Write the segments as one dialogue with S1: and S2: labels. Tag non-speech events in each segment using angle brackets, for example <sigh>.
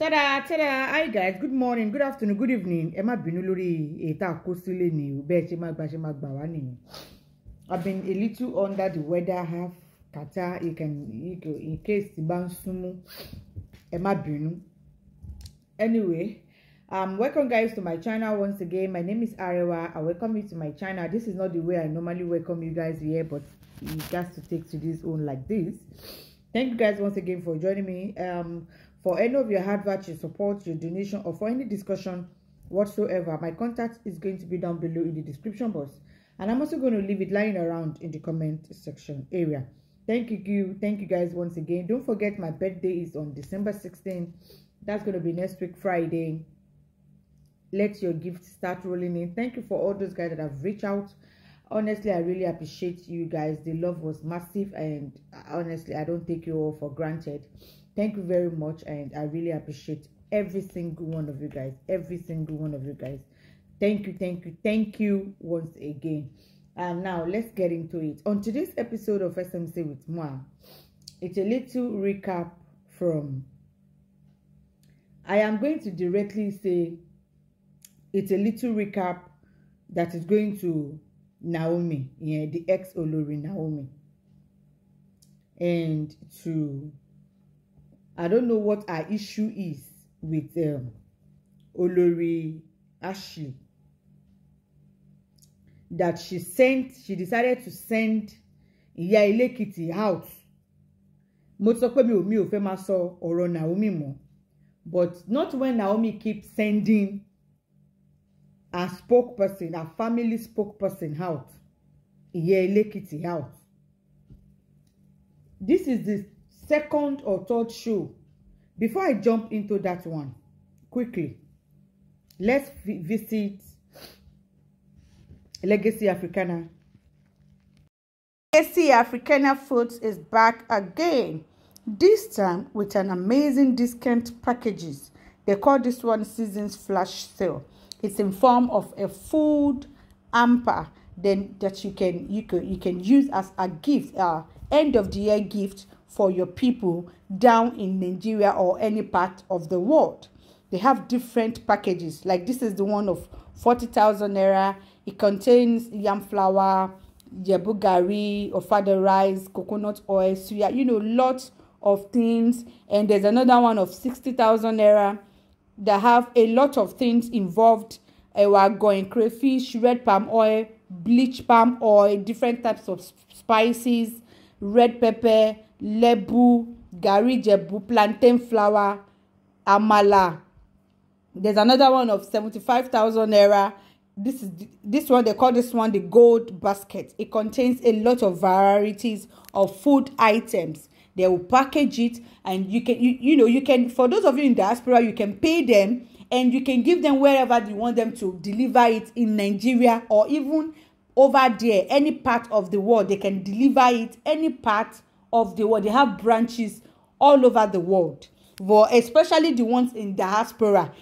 S1: tada tada hi guys good morning good afternoon good evening ẹ má bínú lórí èyí tá a kó ni o bẹ́ẹ̀ ṣe máa gba ṣe máa gbà wá nìyí i've been a little under the weather half kata you can you can in case ti bá ń súnmú ẹ má bínú anyway um welcome guys to my channel once again my name is Arewa i welcome you to my channel this is not the way i normally welcome you guys here but you got to take to this own like this thank you guys once again for joining me um For any of your hard work, your support, your donation, or for any discussion whatsoever, my contact is going to be down below in the description box. And I'm also going to leave it lying around in the comment section area. Thank you, thank you guys once again. Don't forget my birthday is on December 16th. That's going to be next week, Friday. Let your gift start rolling in. Thank you for all those guys that have reached out honestly i really appreciate you guys the love was massive and honestly i don't take you all for granted thank you very much and i really appreciate every single one of you guys every single one of you guys thank you thank you thank you once again and now let's get into it on today's episode of smc with moi it's a little recap from i am going to directly say it's a little recap that is going to naomi yeah, the ex olori naomi and to I don't know what her issue is with um, Olori Ashley that she sent she decided to send Ìyá Ilé-Èkìtì out mo sọ pé mi ò mi ò fẹ́ máa sọ ọ̀rọ̀ Naomi mọ́ but not when Naomi keep sending her spokesperson her family spokesperson out Ìyá Ilé-Èkìtì out this is the second or third show. Before I jump into that one, quickly, let's visit Legacy Africana. Legacy Africana Foods is back again, this time with an amazing discount packages. They call this one Seasons Flash Sale. It's in form of a food hamper then that you can you can you can use as a gift uh, end of the year gift for your people down in Nigeria or any part of the world. They have different packages. Like this is the one of 40,000 naira. It contains yam flour, jebu gari, ofada rice, coconut oil, suya, you know, lots of things. And there's another one of 60,000 naira that have a lot of things involved. Uh, we are going crayfish, red palm oil, bleach palm oil, different types of spices, red pepper, Lebu garri jebu plantain flour amala there's another one of seventy-five thousand naira this is this one they call this one the gold basket it contains a lot of varieties of food items they will package it and you can you, you know you can for those of you in diaspora you can pay them and you can give them wherever you want them to deliver it in nigeria or even over there any part of the world they can deliver it any part of the world. They have branches all over the world, but especially the ones in diaspora.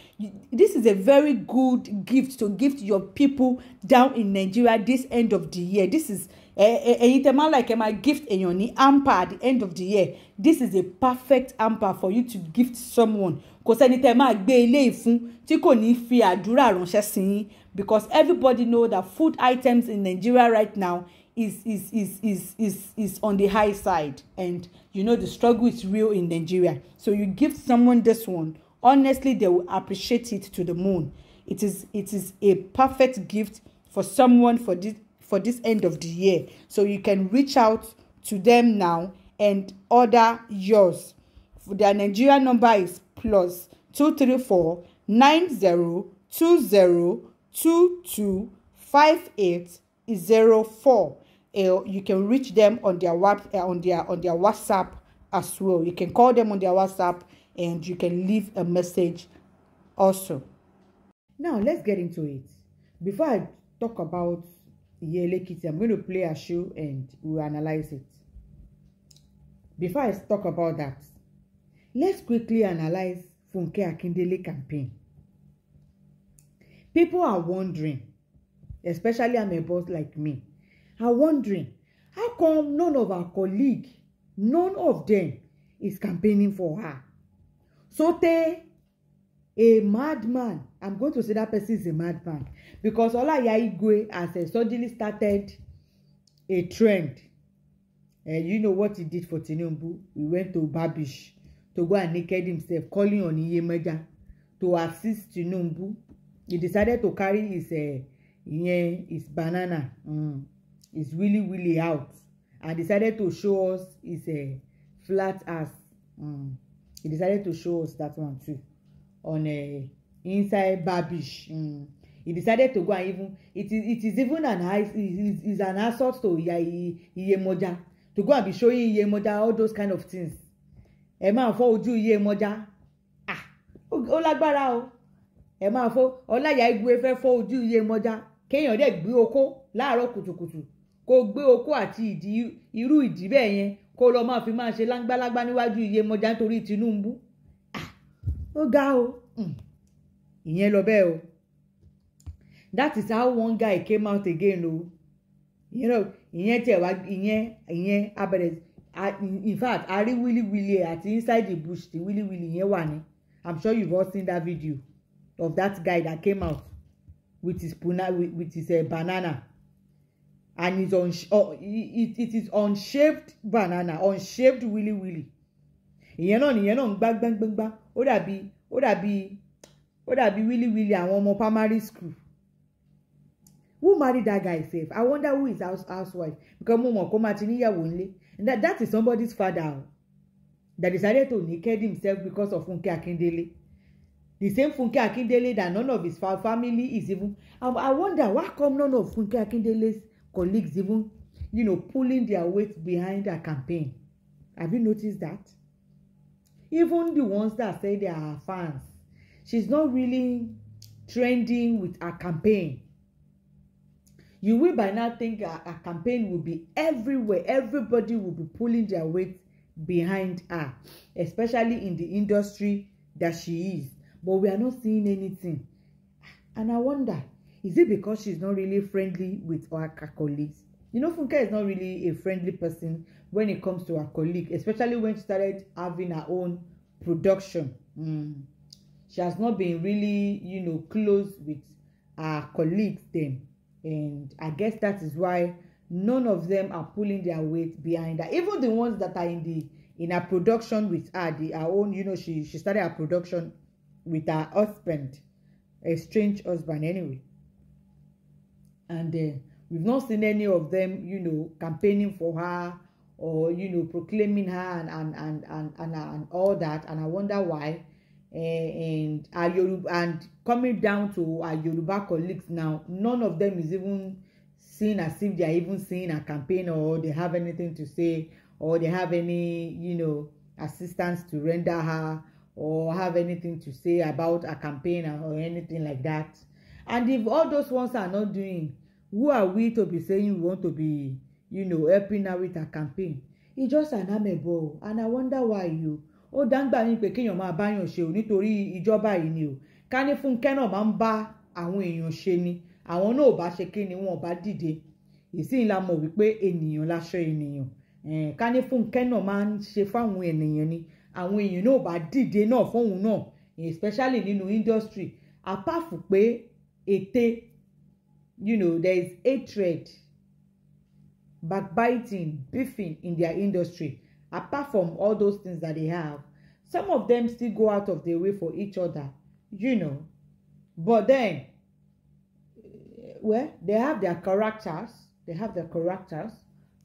S1: This is a very good gift to gift your people down in Nigeria this end of the year. This is ẹ̀yin tẹ́ máa like ẹ eh, máa gift èèyàn eh, ní hamper at the end of the year this is a perfect hamper for you to gift someone kò sẹ́ni tẹ́ máa gbé eléyìí fún tí kò ní fi àdúrà ránṣẹ́ sí yín because everybody know that food items in Nigeria right now is is is is is is on the high side and you know the struggle is real in nigeria so you give someone this one honestly they will appreciate it to the moon it is it is a perfect gift for someone for this for this end of the year so you can reach out to them now and order yours their nigeria number is plus two three four nine zero two zero two two five eight zero four uh, you can reach them on their what uh, eh, on their on their WhatsApp as well. You can call them on their WhatsApp and you can leave a message also. Now let's get into it. Before I talk about Yele Kitty, I'm going to play a show and we'll analyze it. Before I talk about that, let's quickly analyze Funke Akindele campaign. People are wondering, especially I'm a boss like me, are wondering how come none of her colleague, none of them is campaigning for her. So Sote, a madman, I'm going to say that person is a madman because Olaiya Igwe has uh, suddenly started a trend. Uh, you know what he did for Tinubu? He went to Babish to go and naked himself, calling on Iyemeja to assist Tinubu. He decided to carry his, uh, his banana. Mm. Is really really out and decided to show us his uh, flat ass um, he decided to show us that one too on uh, inside barbish um, mm. he decided to go and even it is it is even an is, is an assault to Iyemoja to go and be showing Iyemoja all those kind of things ẹ máa fọ ojú Iyemoja ah ó lágbára o ẹ máa fọ ọláyà igwe fẹ́ fọ ojú Iyemoja kéèyàn dẹ̀ gbé okó láàárọ̀ kùtùkùtù kó gbé okó àti ìdí irú ìdí bẹ́ẹ̀ yẹn kó lọ máa fi máa ṣe láńgbálágbá níwájú Iyemọja nítorí Tinubu ó ga o hmm. ìyẹn lọ bẹ́ẹ̀ o that is how one guy came out again o ìyẹn lọ ìyẹn tẹ̀ wá ìyẹn ìyẹn abẹ̀rẹ̀ in fact a rí wíliwíli ẹ̀ àti inside the bush tí wíliwíli yẹn wà ní i'm sure you've all seen that video of that guy that came out with his, puna, with, with his uh, banana and it's on oh, it, it is unshaped banana unshaped willy willy ìyẹn náà nìyẹn náà ń gbá gbẹ́ngbẹ́ngbá ó dàbí ó dàbí ó dàbí willy willy àwọn ọmọ primary school who marry that guy sef i wonder who is house housewife because mo mọ̀ kó máa ti níyàwó nílé that that is somebody's father that decided to naked himself because of Funke Akindele the same Funke Akindele that none of his family is even i, I wonder why come none of Funke Akindele's colleagues even, you know, pulling their weight behind her campaign. Have you noticed that? Even the ones that say they are her fans, she's not really trending with her campaign. You will by now think a her campaign will be everywhere. Everybody will be pulling their weight behind her, especially in the industry that she is. But we are not seeing anything. And I wonder, is it because she's not really friendly with her colleagues? You know, Funke is not really a friendly person when it comes to her colleague, especially when she started having her own production. Mm. She has not been really, you know, close with her colleagues then. And I guess that is why none of them are pulling their weight behind her. Even the ones that are in the in her production with her, the her own, you know, she she started her production with her husband, a strange husband anyway and uh, we've not seen any of them you know campaigning for her or you know proclaiming her and and and and, and, and all that and i wonder why eh, and our Yoruba, and coming down to our Yoruba colleagues now none of them is even seen as if they are even seeing a campaign or they have anything to say or they have any you know assistance to render her or have anything to say about a campaign or anything like that and if all those ones are not doing who are we to be saying we want to be you know helping her with our campaign e just an amebo and i wonder why you ó dáńgbà ní pé kéèyàn máa báyàn ṣe o nítorí ìjọba yìí ni o ká ní fúnkẹ́ náà máa ń bá àwọn èèyàn ṣe ni àwọn náà ò bá ṣe kí ni wọn ò bá dìde ìsìn la mọ̀ wípé ènìyàn láṣọ ènìyàn ká ní fúnkẹ́ náà máa ń ṣe fáwọn ènìyàn ni àwọn èèyàn náà ò bá dìde náà fóun náà especially nínú industry apart from pé ete, you know, there is hatred, backbiting, beefing in their industry. Apart from all those things that they have, some of them still go out of their way for each other, you know. But then, well, they have their characters, they have their characters,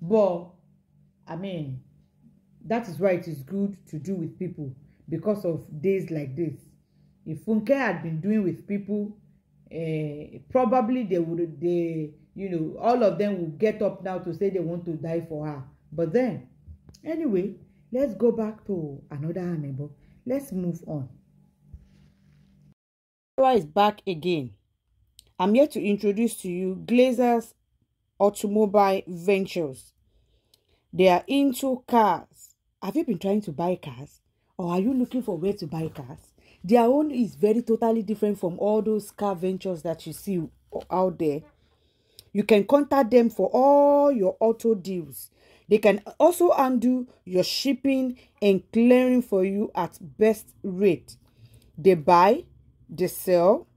S1: but I mean, that is why it is good to do with people because of days like this. If Funke had been doing with people Eh, probably they would they you know all of them will get up now to say they want to die for her but then anyway let's go back to another amebo let's move on. is back again. I'm here to introduce to you Glazers Automobile Ventures. They are into cars. Have you been trying to buy cars? Or are you looking for where to buy cars? Their own is very totally different from all those car ventures that you see out there. You can contact them for all your auto deals. They can also undo your shipping and clearing for you at best rate. They buy, they sell,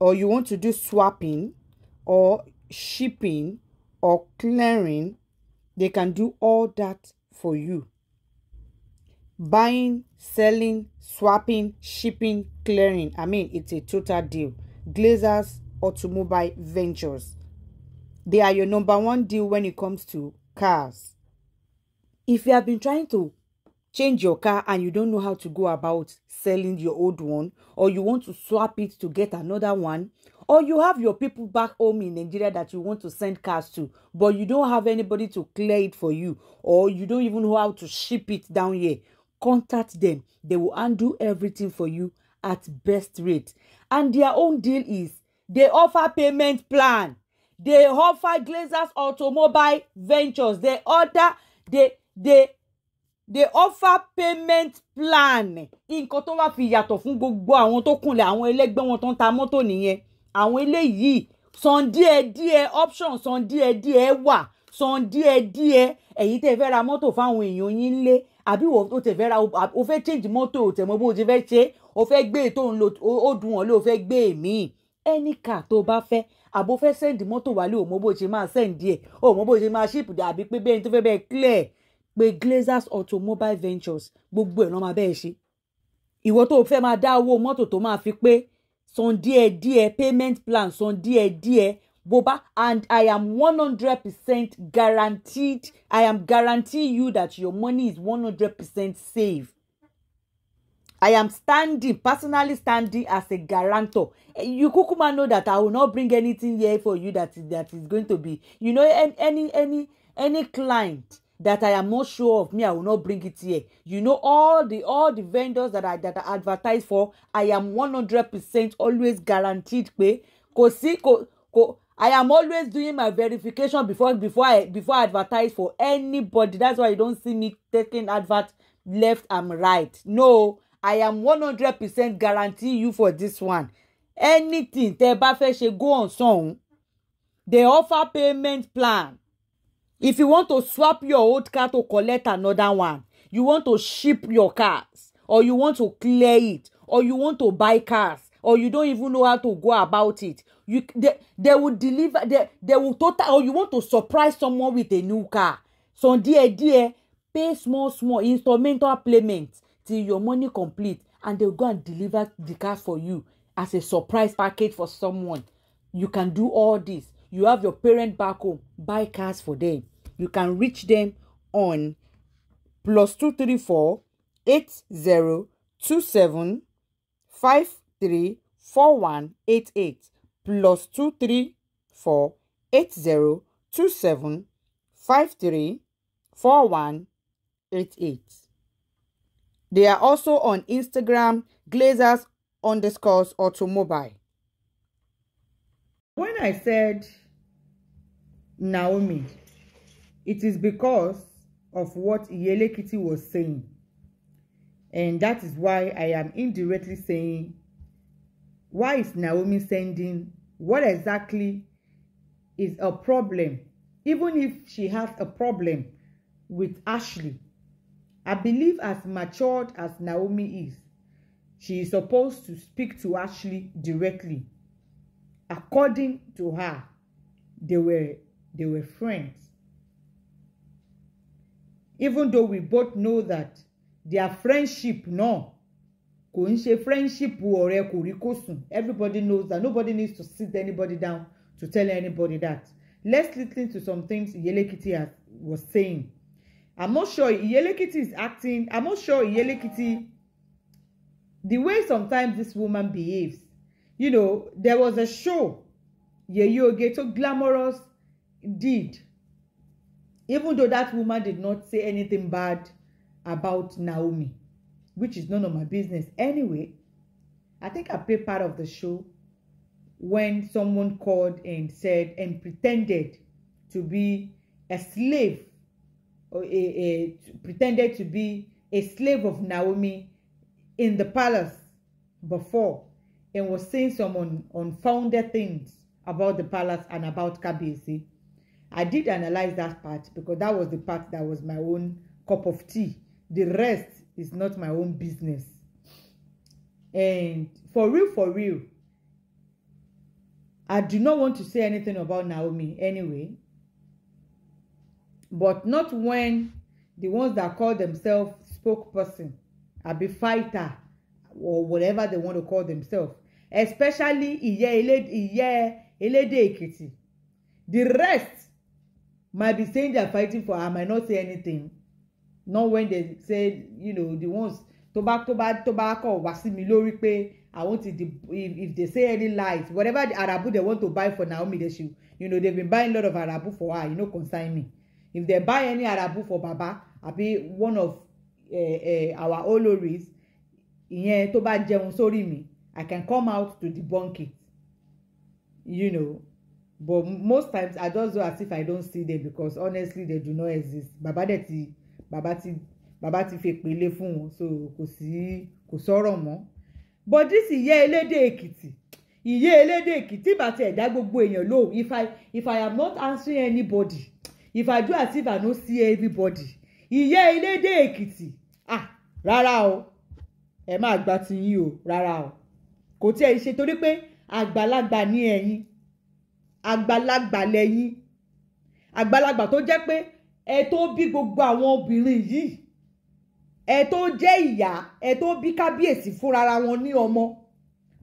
S1: or you want to do swapping or shipping or clearing, they can do all that for you. Buying, selling swapping shipping clearing i mean it's a total deal glazers automobile ventures they are your number one deal when it comes to cars if you have been trying to change your car and you don't know how to go about selling your old one or you want to swap it to get another one or you have your people back home in nigeria that you want to send cars to but you don't have anybody to clear it for you or you don't even know how to ship it down here Contact them. They will undo everything for you at best rate. And their own deal is they offer payment plan. They offer Glazers Automobile Ventures. They order, they, they, they offer payment plan. in tó wá fi yàtọ̀ fún gbogbo àwọn tó kúnlẹ̀ àwọn ẹlẹ́gbẹ́ wọn tó ń ta mọ́tò nìyẹn. Àwọn eléyìí san díẹ̀ díẹ̀ option san die díẹ̀ wà san die díẹ̀ èyí tẹ́ fẹ́ ra mọ́tò fáwọn èèyàn yín lé àbí o tẹ fẹ́ ra o fẹ́ change mọ́tò o tẹ̀ mọ́ bó o ti fẹ́ ṣe o fẹ́ gbé e tó ń lo ó dùn wọn lé o fẹ́ gbé e mi any car tó o bá fẹ́ àbò fẹ́ send mọ́tò wálé o mọ bó o ṣe máa send díẹ̀ o mọ bó o ṣe máa ship àbí pé bẹ́ẹ̀ ni tó fẹ́ bẹ́ẹ̀ clear pé Glazers Automobile Ventures gbogbo ẹ̀ lọ́ máa bẹ́ẹ̀ ṣe ìwọ tó o fẹ́ máa dá owó mọ́tò tó máa fi pé san díẹ̀ díẹ̀ payment plan san díẹ̀ díẹ̀ Boba, and I am 100% guaranteed. I am guaranteeing you that your money is 100% safe. I am standing, personally standing as a guarantor. Eh, you Kukuma know that I will not bring anything here for you that, that is going to be, you know, any any any client that I am not sure of me, I will not bring it here. You know, all the all the vendors that I that I advertise for, I am 100% always guaranteed pé kò sí kò kò I am always doing my verification before before I before I advertise for anybody. That's why you don't see me taking advert left and right. No, I am one hundred percent guarantee you for this one. Anything tẹ́ bá fẹ́ ṣe go on song they offer payment plan. If you want to swap your old car to collect another one, you want to ship your cars, or you want to clear it, or you want to buy cars, or you don't even know how to go about it, you they, they will deliver they, they will total or you want to surprise someone with a new car so díẹ̀ díẹ̀ pay small small instrumental payment till your money complete and they go and deliver the car for you as a surprise package for someone you can do all this you have your parent back home buy cars for them you can reach them on plus two three four eight zero two seven five three four one eight eight plus two three four eight zero two seven five three four one eight eight. They are also on Instagram, Glazers underscores automobile. When I said Naomi, it is because of what Yelekiti was saying. And that is why I am indirectly saying why is Naomi sending what exactly is a problem even if she has a problem with Ashley I believe as matured as Naomi is she is supposed to speak to Ashley directly according to her they were they were friends even though we both know that their friendship no kò ń ṣe friendship ọ̀rẹ́ kò rí kó sùn everybody knows that nobody needs to sit anybody down to tell anybody that let's listen to some things Iyelekiti was saying i'm not sure Iyelekiti is acting i'm not sure Iyelekiti the way sometimes this woman behaves you know there was a show Yeye Oge tó glamorous did even though that woman did not say anything bad about Naomi which is none of my business anyway. I think I played part of the show when someone called and said and pretended to be a slave or a, a, pretended to be a slave of Naomi in the palace before and was saying some un, unfounded things about the palace and about Kabiyesi. I did analyze that part because that was the part that was my own cup of tea. The rest is not my own business and for real for real I do not want to say anything about Naomi anyway but not when the ones that call themselves spokesperson abi fighter or whatever they want to call themselves especially Ìyẹ́ Elédè Ìyẹ́ Elédè Èkìtì the rest might be saying they are fighting for her I might not say anything not when they say you know the ones tó bá tó bá tó bá kọ̀ wá sí mi lórí pé i want it if, if they say any lies whatever the arabu they want to buy for Naomi they should you know they been buying a lot of arabu for her you no know, concern me if they buy any arabu for baba abi one of uh, uh, our oloris ìyẹn tó bá jẹun sórí mi i can come out to debunk it you know but most times i just do as if i don't see them because honestly they do not exist baba de ti bàbá ti bàbá ti fi pèlè fún wọn so kò sí kò sọ̀rọ̀ mọ́ bọ́dísì yẹ elédè èkìtì ìyé elédè èkìtì bàtẹ ẹ̀dá gbogbo èèyàn lóhùn if i if i am not answering anybody if i do as if i no see everybody ìyé elédè èkìtì ah rárá o ẹ máa gba ti yín o rárá o kò tí ẹ ṣe torí pé àgbàlagbà ni ẹ̀yin àgbàlagbà lẹ́yìn àgbàlagbà tó jẹ́ pé ẹ tó bí gbogbo àwọn obìnrin yìí ẹ tó jẹ́ ìyá ẹ tó bí kábíyèsí fúnrara wọn ní ọmọ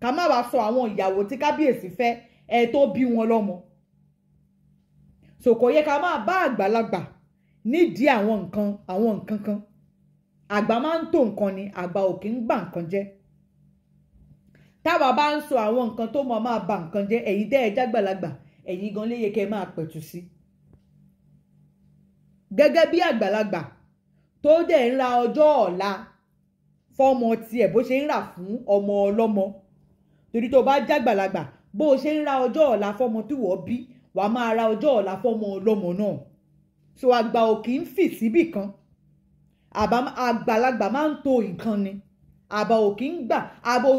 S1: ká má wàá sọ àwọn ìyàwó tí kábíyèsí fẹ́ ẹ tó bí wọn lọ́mọ sòkò yẹ ká máa bá àgbàlagbà nídìí àwọn nǹkan àwọn nǹkan kan àgbà máa ń tó nǹkan ni àgbà ò kí ń gbà nǹkan jẹ́ táwa bá ń sọ àwọn nǹkan tó mọ̀ máa bà nǹkan jẹ́ ẹ̀yin dẹ́ ẹ jágbàlagbà ẹ̀yin gan léye kẹ́ máa pẹ̀tù sí i gẹ́gẹ́ bí àgbàlagbà tó dẹ̀ ń ra ọjọ́ ọ̀la fọmọ tiẹ̀ bó ṣe ń rà fún ọmọ ọlọ́mọ torí tó bá jágbàlagbà bó o ṣe ń ra ọjọ́ ọ̀la fọmọ tí wọ́n bí wàá máa ra ọjọ́ ọ̀la fọmọ ọlọ́mọ náà so àgbà ò kì í fì síbì kan àgbàlagbà máa ń to nǹkan ni àbà ò kì gbà àgbà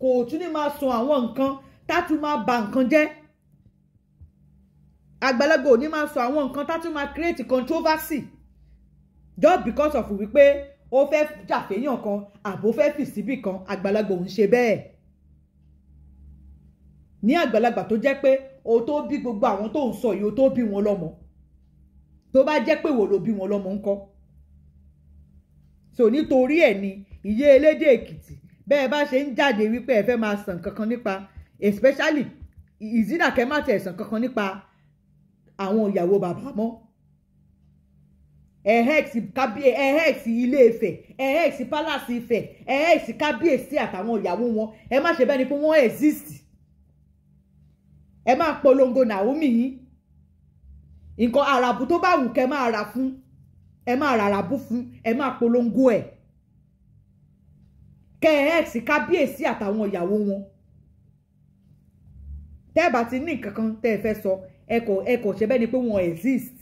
S1: kò tún ní máa sọ àwọn nǹkan tá a tún máa ba nǹkan jẹ́ àgbàlagbà ò ní máa sọ àwọn nǹkan tá tún máa create controversy just because of wípé ó fẹ́ jàfẹ́yàn kan àbó fẹ́ fì síbì kan àgbàlagbà ò ń ṣe bẹ́ẹ̀ ní àgbàlagbà tó jẹ́ pé o tó bí gbogbo àwọn tó ń sọ yìí o tó bí wọn lọ́mọ tó bá jẹ́ pé wò ló bí wọn lọ́mọ ńkọ́ so nítorí ẹ̀ ni iye elédè èkìtì bẹ́ẹ̀ bá ṣe ń jáde wípé ẹ fẹ́ máa sàn kankan nípa especially ìzínà kẹ́ má tẹ̀ sàn kankan nípa àwọn ìyàwó bàbá mọ́ ẹ̀hẹ́x kábíyè ẹ̀hẹ́x ilé Ifẹ̀ ẹ̀hẹ́x palace Ifẹ̀ ẹ̀hẹ́x kábíyèsí àtàwọn ìyàwó wọn ẹ má ṣe bẹ́ẹ̀ ni pé wọ́n exist ẹ máa polongo Naomi yín nǹkan àràbù tó bá wù kẹ́ máa rà fún ẹ máa rà ràbù fún ẹ máa polongo ẹ̀ kẹ́ ẹ̀hẹ́x kábíyèsí àtàwọn ìyàwó wọn tẹ́ ẹ bá ti ní nǹkan kan tẹ́ ẹ fẹ́ sọ ẹ kò ẹ kò ṣe bẹ́ẹ̀ ni pé wọn exist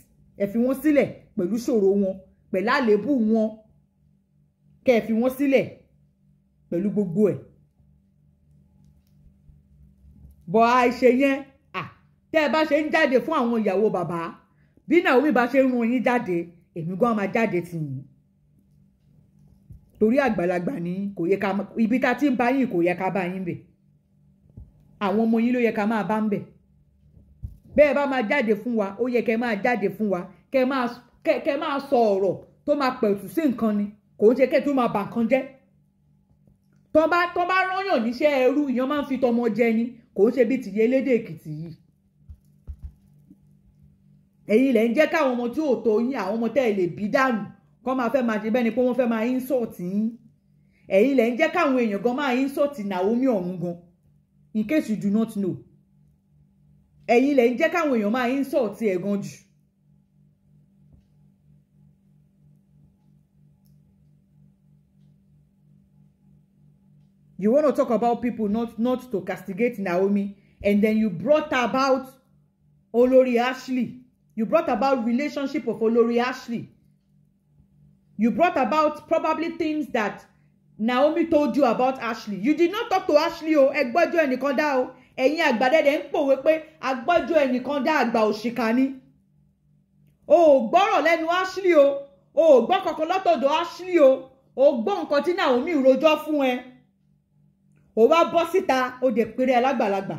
S1: ẹ fi wọn sílẹ̀ pẹ̀lú ṣòro wọn pẹ̀lú àléébù wọn kẹ́ ẹ fi wọn sílẹ̀ pẹ̀lú gbogbo ẹ̀ bọ̀ àìṣe yẹn à tẹ́ ẹ bá ṣe ń jáde fún àwọn ìyàwó bàbá bí Naomi bá ṣe ń run yín jáde èmi gan máa jáde tì yín torí àgbàlagbà ni kò yẹ ká ibi tá a ti ń bá yín kò yẹ ká bá yín bẹ̀ àwọn ọmọ yín ló yẹ ká máa bá ń bẹ̀. bẹ́ẹ̀ bá máa jáde fún wa ó yẹ kẹ́ máa jáde fún wa kẹ́ máa sọ ọ̀rọ̀ tó máa pẹ̀tù sí nǹkan ni kò ń ṣe kẹ́ tó máa bà nǹkan jẹ́ tọ́ bá tọ́ bá níṣẹ́ ẹrú ìyàn máa ń fi tọmọ jẹ ni kò ń ṣe bí tìyẹ elédè èkìtì yìí ẹ̀yin ilẹ̀ ń jẹ́ káwọn ọmọ tí ò tó yín àwọn ọmọ tẹ́ ẹ lè bí dànù kọ́ máa fẹ́ máa ṣe bẹ́ẹ̀ ni pé wọ́n fẹ́ máa insult yín ẹ̀yin ilẹ̀ ń jẹ́ káwọn èèyàn gan máa insult Naomi ọ̀hún gan in case you do not know ẹ̀yin lẹ̀ jẹ́ káwọn èèyàn máa insult ẹ̀ gan jù. You want to talk about people not not to castigate Naomi and then you brought about Olori Ashley. You brought about relationship of Olori Ashley. You brought about probably things that Naomi told you about Ashley. You did not talk to Ashley o. Ẹgbọ́jọ́ ẹnìkan dá o ẹ̀yin àgbàdẹ́dẹ́ ń pòwe pé agbọ́jọ́ ẹnìkan dá àgbà òṣìkà ni o ò gbọ́rọ̀ lẹ́nu Ashley o o ò gbọ́ kankan lọ́tọ̀dọ̀ Ashley o o gbọ́ nǹkan tí Naomi rojọ́ fún ẹ o wá bọ́ síta o dẹ̀ péré alágbàlagbà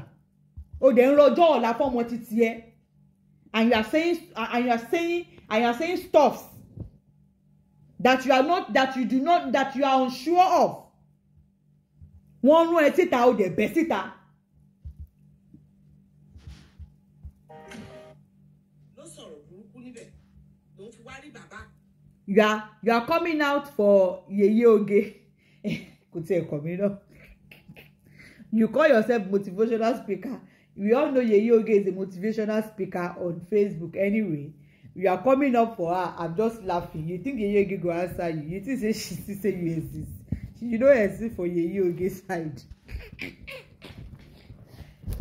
S1: o dẹ̀ ń rojọ́ ọ̀la fọ́mọ títí ẹ and you are saying and you are saying and that you are not that you do not that you are unsure of wọ́n rún ẹ síta o dẹ̀ bẹ́ síta you are you are coming out for yeye oge <laughs> kò tiẹ̀ kọ̀ mí náà you call yourself motivational speaker we all know yeye oge is a motivational speaker on facebook anyway you are coming up for her i'm just laughing you think yeye oge go answer you you think say she still say you exist you no exist for yeye oge side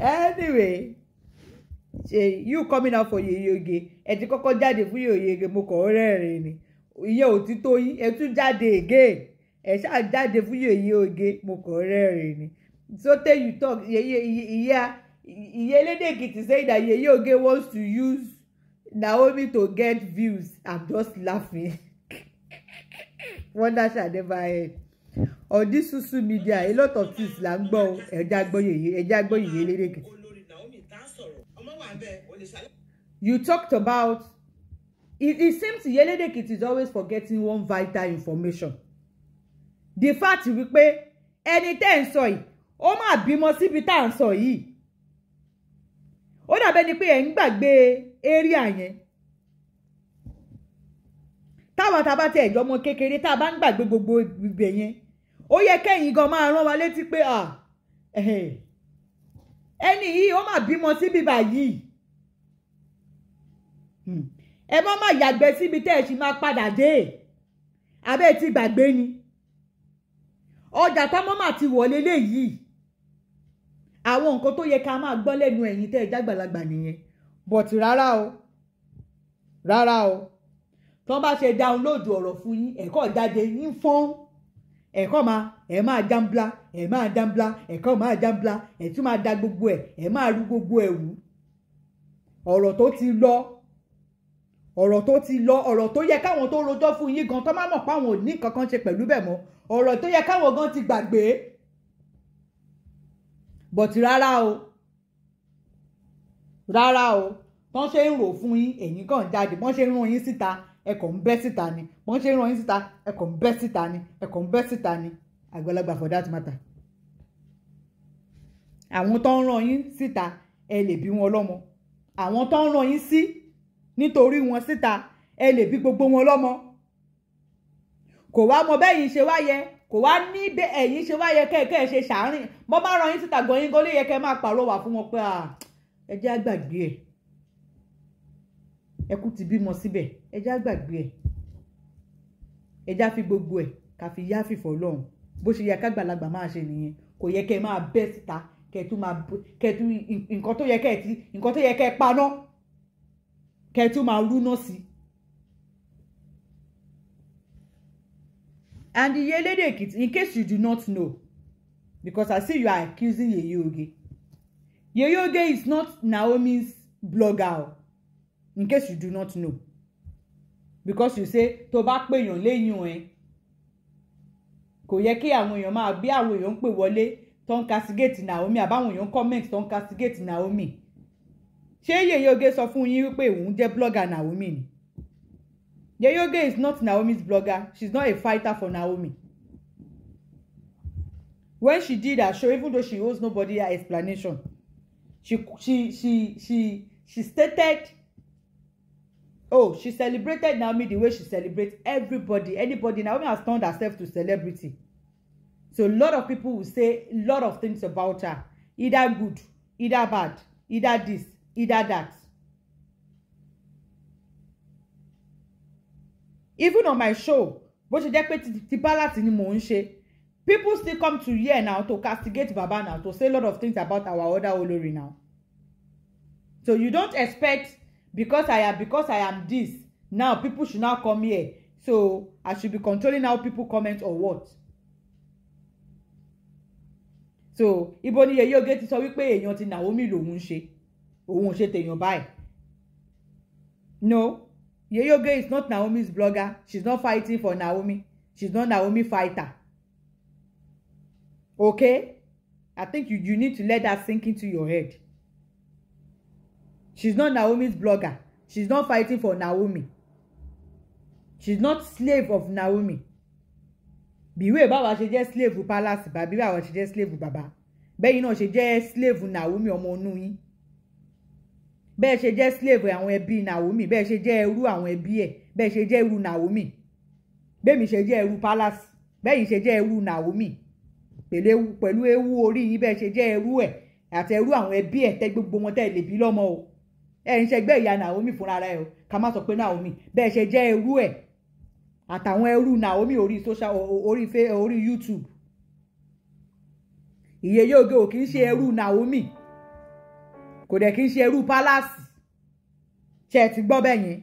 S1: anyway ṣe you coming out for yeye oge ẹ ti kọ́kọ́ jáde fún yeye oge mo kàn ń rẹ́rìn ni ìyẹn ò ti tó yín ẹ tún jáde again ẹ ṣáà jáde fún yèyé oge mo kàn rẹ́rìn ni so tey you talk yeye iye iye elédè Èkìtì say that yeye oge wants to use Naomi to get views i'm just laughing <laughs> wonder shall never end on this social media a lot of things la ń gbọ́ ẹ̀já gbọ́ yèyé ẹ̀já gbọ́ yèyé elédè Èkìtì. you talked about it, it seems Yelede Ekiti is always forgetting one vital information the fact wípé ẹni tẹ́ ń sọ yìí ó máa bímọ síbi tá à ń sọ yìí ó dàbẹ́ ni pé ẹ̀ ń gbàgbé area yẹn táwa tá a bá tẹ ẹ̀jọ́ ọmọ kékeré tá a bá ń gbàgbé gbogbo ibẹ̀ yẹn ó yẹ kẹ́yìn gan máa rán wa létí pé ẹni yìí ó máa bímọ síbi báyìí. Hmm ẹ má má yàgbẹ́ síbi tẹ́ ẹ sì máa padà dé abẹ́ ti gbàgbé ni ọjà táwọn máa ti wọlé léyìí àwọn nǹkan tó yẹ ká máa gbọ́ lẹ́nu ẹ̀yin tẹ́ ẹ jágbàlagbà nìyẹn bọ̀tì rárá o rárá o tí wọ́n bá ṣe dáúnlóòdù ọ̀rọ̀ fún yín ẹ̀kọ́ jáde yín fọ́n ẹ̀kọ́ máa ẹ̀ máa jámbla ẹ̀ máa jámbla ẹ̀kọ́ máa jámbla ẹ̀ tún máa da gbogbo ẹ̀ ẹ̀ máa rú gbogbo ẹ̀ wù ọ̀rọ̀ tó ti lọ ọ̀rọ̀ tó ti lọ ọ̀rọ̀ tó yẹ káwọn tó rojọ́ fún yín gan tó má mọ̀ páwọn ò ní kankan ṣe pẹ̀lú bẹ̀ mọ́ ọ̀rọ̀ tó yẹ káwọn gan ti gbàgbé bọ̀tì rárá o rárá o tọ́n ṣe ń rò fún yín ẹ̀yin kàn jáde bọ́n ṣe ń rán yín síta ẹ kàn ń bẹ́ síta ni bọ́n ṣe ń rán yín síta ẹ ń bẹ́ síta ni ẹ ń bẹ́ síta ni àgbàlagbà for that matter àwọn tó ń rán yín síta ẹ lè bí wọn lọ́mọ àwọn tó ń rán yín sí. Si, nítorí wọn síta ẹ lè bí gbogbo wọn lọ́mọ kò wá mọ bẹ́yìn ṣe wá yẹ kò wá ní bẹ ẹ̀yìn ṣe wá yẹ kẹ́ẹ̀kẹ́ ṣe ṣàárín bọ́ bá ran yín síta gan yín gan ló yẹ kẹ́ máa pàrọwà fún wọn pé ah, ẹ jẹ́ àgbàgbé ẹ̀ ẹkú ti bímọ síbẹ̀ ẹ jẹ́ àgbàgbé ẹ̀ ẹ já fi gbogbo ẹ̀ ká fi yá fìfọ́ lọ́hùn bó ṣe yẹ kágbàlagbà máa ṣe nìyẹn kò yẹ kẹ́ máa bẹ́ síta kẹ́ tún máa kẹ́ tún nǹkan tó yẹ kẹ́ ti nǹkan tó yẹ kẹ́ paná kẹ́ ẹ tó máa rúná sí and iye elédè èkìtì in case you do not know because i see you are accusing yeye oge yeye oge is not naomi's blogger in case you do not know because you say tó bá pèèyàn lẹ́yìn ẹ̀ kò yẹ kí àwọn èèyàn máa bí àwọn èèyàn ń pè wọlé tó ń castigate naomi àbáwọn èèyàn comment tó ń castigate naomi ṣé yèyé oge sọ fún yín wípé òun jẹ́ blogger Naomi ni yèyé oge is not Naomi's blogger she is not a fighter for Naomi when she did her show even though she owes nobody her explanation she she she she she stated oh she celebrated Naomi the way she celebrates everybody anybody Naomi has turned herself to celebrity so a lot of people will say a lot of things about her either good either bad either this Either that. Even on my show, but you jẹ́ pé ti ballot in mò ń people still come to hear now to castigate Baba now to say a lot of things about our other Olori now. So you don't expect because I am because I am this now people should now come here so I should be controlling how people comment or what. So ibo ni yeye oge ti sọ wípé èèyàn na Naomi lo ṣe òun ò ṣe tèèyàn báyìí no Yeyoge is not Naomi's blogger she's not fighting for Naomi she's not Naomi fighter okay I think you you need to let that sink into your head she's not Naomi's blogger she's not fighting for Naomi she's not slave of Naomi bíwèé báwa ṣe jẹ́ slave palace bàbí báwa ṣe jẹ́ slave baba. bàbá bẹ́yìn náà ṣe jẹ́ slave Naomi ọmọ inú yín bẹ́ẹ̀ ṣe jẹ́ slave àwọn ẹbí Naomi bẹ́ẹ̀ ṣe jẹ́ ẹrú àwọn ẹbí ẹ̀ bẹ́ẹ̀ ṣe jẹ́ ẹrú Naomi bẹ́ẹ̀mi ṣe jẹ́ ẹrú palace bẹ́ẹ̀yin ṣe jẹ́ ẹrú Naomi pẹ̀lú ewu orí yín bẹ́ẹ̀ ṣe jẹ́ ẹrú ẹ̀ àti ẹrú àwọn ẹbí ẹ̀ tẹ́ gbogbo wọn tẹ́ lè bí lọ́mọ o ẹ̀ ń ṣẹgbẹ́ ìyá Naomi fúnra rẹ̀ o ká má sọ pé Naomi bẹ́ẹ̀ ṣe jẹ́ ẹrú ẹ̀ àtàwọn ẹrú Naomi orí social orí orí YouTube ìyẹyẹ òge ò kì í ṣe ẹrú Naomi kò dẹ̀ kí n ṣe irú pálásì ṣe ẹ ti gbọ́ bẹ́ẹ̀ yẹn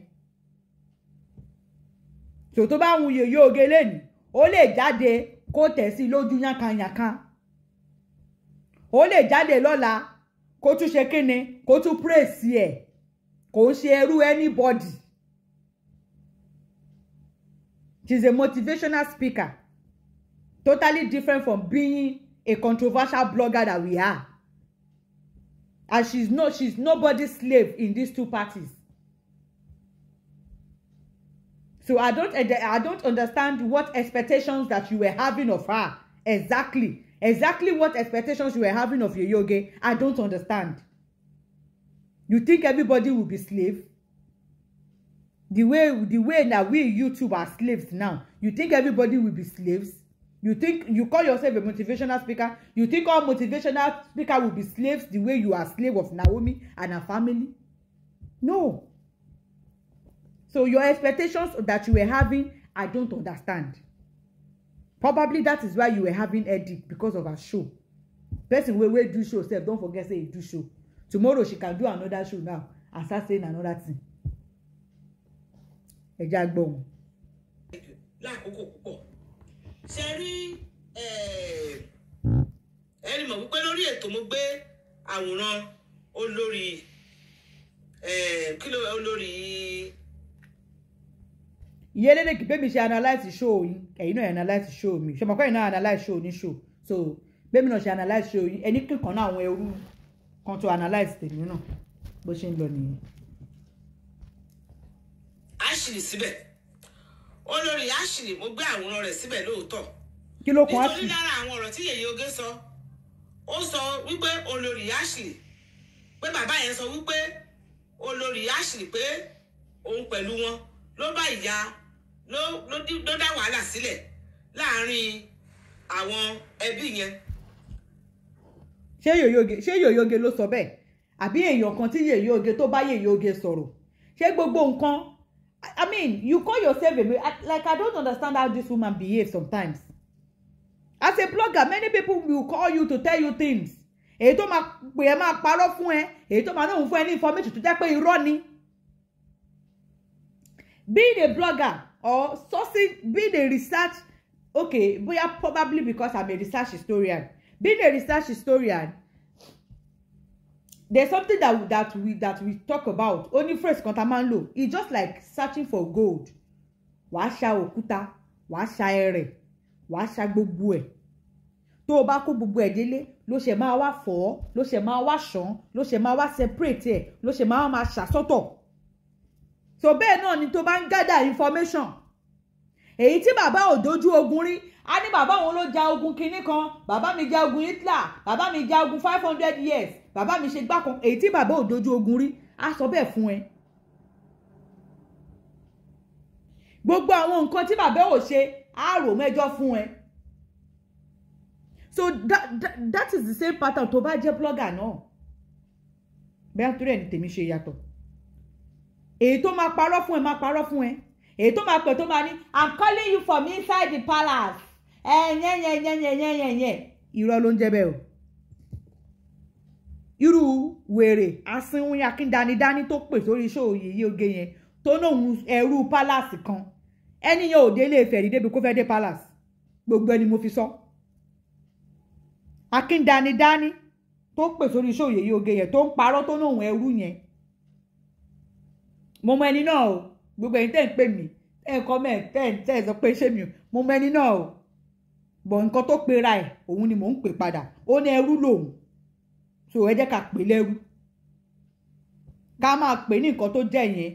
S1: tò tó bá wun yòyó oge lẹ́nu ó lè jáde kó tẹ̀ sí lójú yánkanyànkan ó lè jáde lọ́la kó tún ṣe kíni kó tún pírèsì ẹ̀ kò ń ṣe ẹrú anybody she's a motivational speaker totally different from being a controversial blogger that we are and she's no she's nobody's slave in these two parties so i don't i don't understand what expectations that you were having of her exactly exactly what expectations you were having of your yoyoge i don't understand you think everybody will be slave the way the way na we youtube are slaves now you think everybody will be slaves you think you call yourself a motivational speaker you think all motivational speaker will be slaves the way you are slave of Naomi and her family no so your expectations that you were having I don't understand probably that is why you were having headache because of her show person wey wey do show sef don forget say e do show tomorrow she can do another show now and start saying another thing ẹ já gbọ́
S2: ṣe rí eh, ẹni mọ̀ wípé lórí ètò mo gbé àwòrán olórí eh, kí ló olórí.
S1: Yélédè kí bẹ́ẹ̀ mi ṣe analyze show yín ẹ̀yin náà analyze show mi ṣọmọkọ́ ẹ̀yin náà analyze show ní show so bẹ́ẹ̀ mi náà ṣe analyze show yín ẹni kíkan náà àwọn ẹrú kan tó analyze tèmi náà bó ṣe ń lọ nìyẹn.
S2: a ṣì ní síbẹ̀ olórí ashley mo gbé àwòrán rẹ̀ síbẹ̀ lóòótọ́
S1: kí ló kún ashley nítorí
S2: lára àwọn ọ̀rọ̀ tí yèyé oge sọ ó sọ wípé olórí ashley pé bàbá yẹn sọ wípé olórí ashley pé òun pẹ̀lú wọn ló bá ìyá ló ló dá wàhálà sílẹ̀ láàárín àwọn ẹbí yẹn.
S1: ṣé yòyóge ṣé yòyóge ló sọ bẹ́ẹ̀ àbí èèyàn kan tí yèyóge tó bá yèyóge sọ̀rọ̀ ṣé gbogbo nǹkan I mean, you call yourself a blogger. Like, I don't understand how this woman behaves sometimes. As a blogger, many people will call you to tell you things. Èyí tó máa pè é máa parọ́ fún ẹ, èyí tó máa náà fún ẹ ní information tó jẹ́ pé irọ́ ni. Being a blogger or sourcing, being a research, okay, bóyá probably because I'm a research historian. Being a research historian, there's something that that we that we talk about only ní phrase kan tá a máa ń lò just like searching for gold Wa ṣa okuta wa ṣa ere wa ṣa gbogbo ẹ̀ tó o bá kó gbogbo ẹ̀ délé ló ma wa wá fọ̀ ọ́ ló ṣe máa wá ṣàn ló ṣe máa wá separate ẹ̀ ma wa ma máa ṣàsọ́tọ̀ so bẹ́ẹ̀ náà ni tó bá ń gather information èyí tí bàbá ò dojú ogun rí a ní bàbá òun ló ja ogun kinní kan bàbá mi ja ogun Hitler bàbá mi ja ogun five hundred years bàbá mi ṣe gbá kan èyí tí bàbá ò dojú ogun rí á sọ bẹ́ẹ̀ fún ẹ gbogbo àwọn nǹkan tí bàbá ò ṣe á rò mẹ́jọ fún ẹ so that, that, that is the same pattern tó bá jẹ́ blogger náà bẹ́ẹ̀ torí ẹ̀ ní tèmi ṣe yàtọ̀ èyí tó máa parọ́ fún ẹ máa parọ́ fún ẹ èyí tó máa pẹ̀ tó máa ní i'm calling you from inside the palace ẹ̀yẹ̀yẹ̀yẹ̀yẹ̀yẹ̀yẹ̀ irọ́ ló ń jẹ́ bẹ́ẹ̀ o irú wèrè asínwín akíndanidání tó pè sórí iṣẹ́ òyìyí oge yẹn tó nóhun ẹrú palace kan ẹni yẹn ò délé ìfẹ́ rí débi kó fẹ́ dé palace gbogbo ẹni mo fi sọ akíndanidání tó pè sórí iṣẹ́ òyìyí oge yẹn tó ń parọ́ tó nóhun ẹrú yẹn mo mọ ẹni náà o gbogbo ẹni tẹ́ ń pè mí tẹ́ ń kọ́ mẹ́ tẹ́ ń tẹ́ ń sọ pé ṣé mi o mo mọ ẹni náà o bọ̀ nǹkan tó pera ẹ̀ òun ni mò ń pè padà ó ní ẹrú lòun so ẹ jẹ́ ká pè lẹ́rú ká máa pè ní nǹkan tó jẹ́ yẹn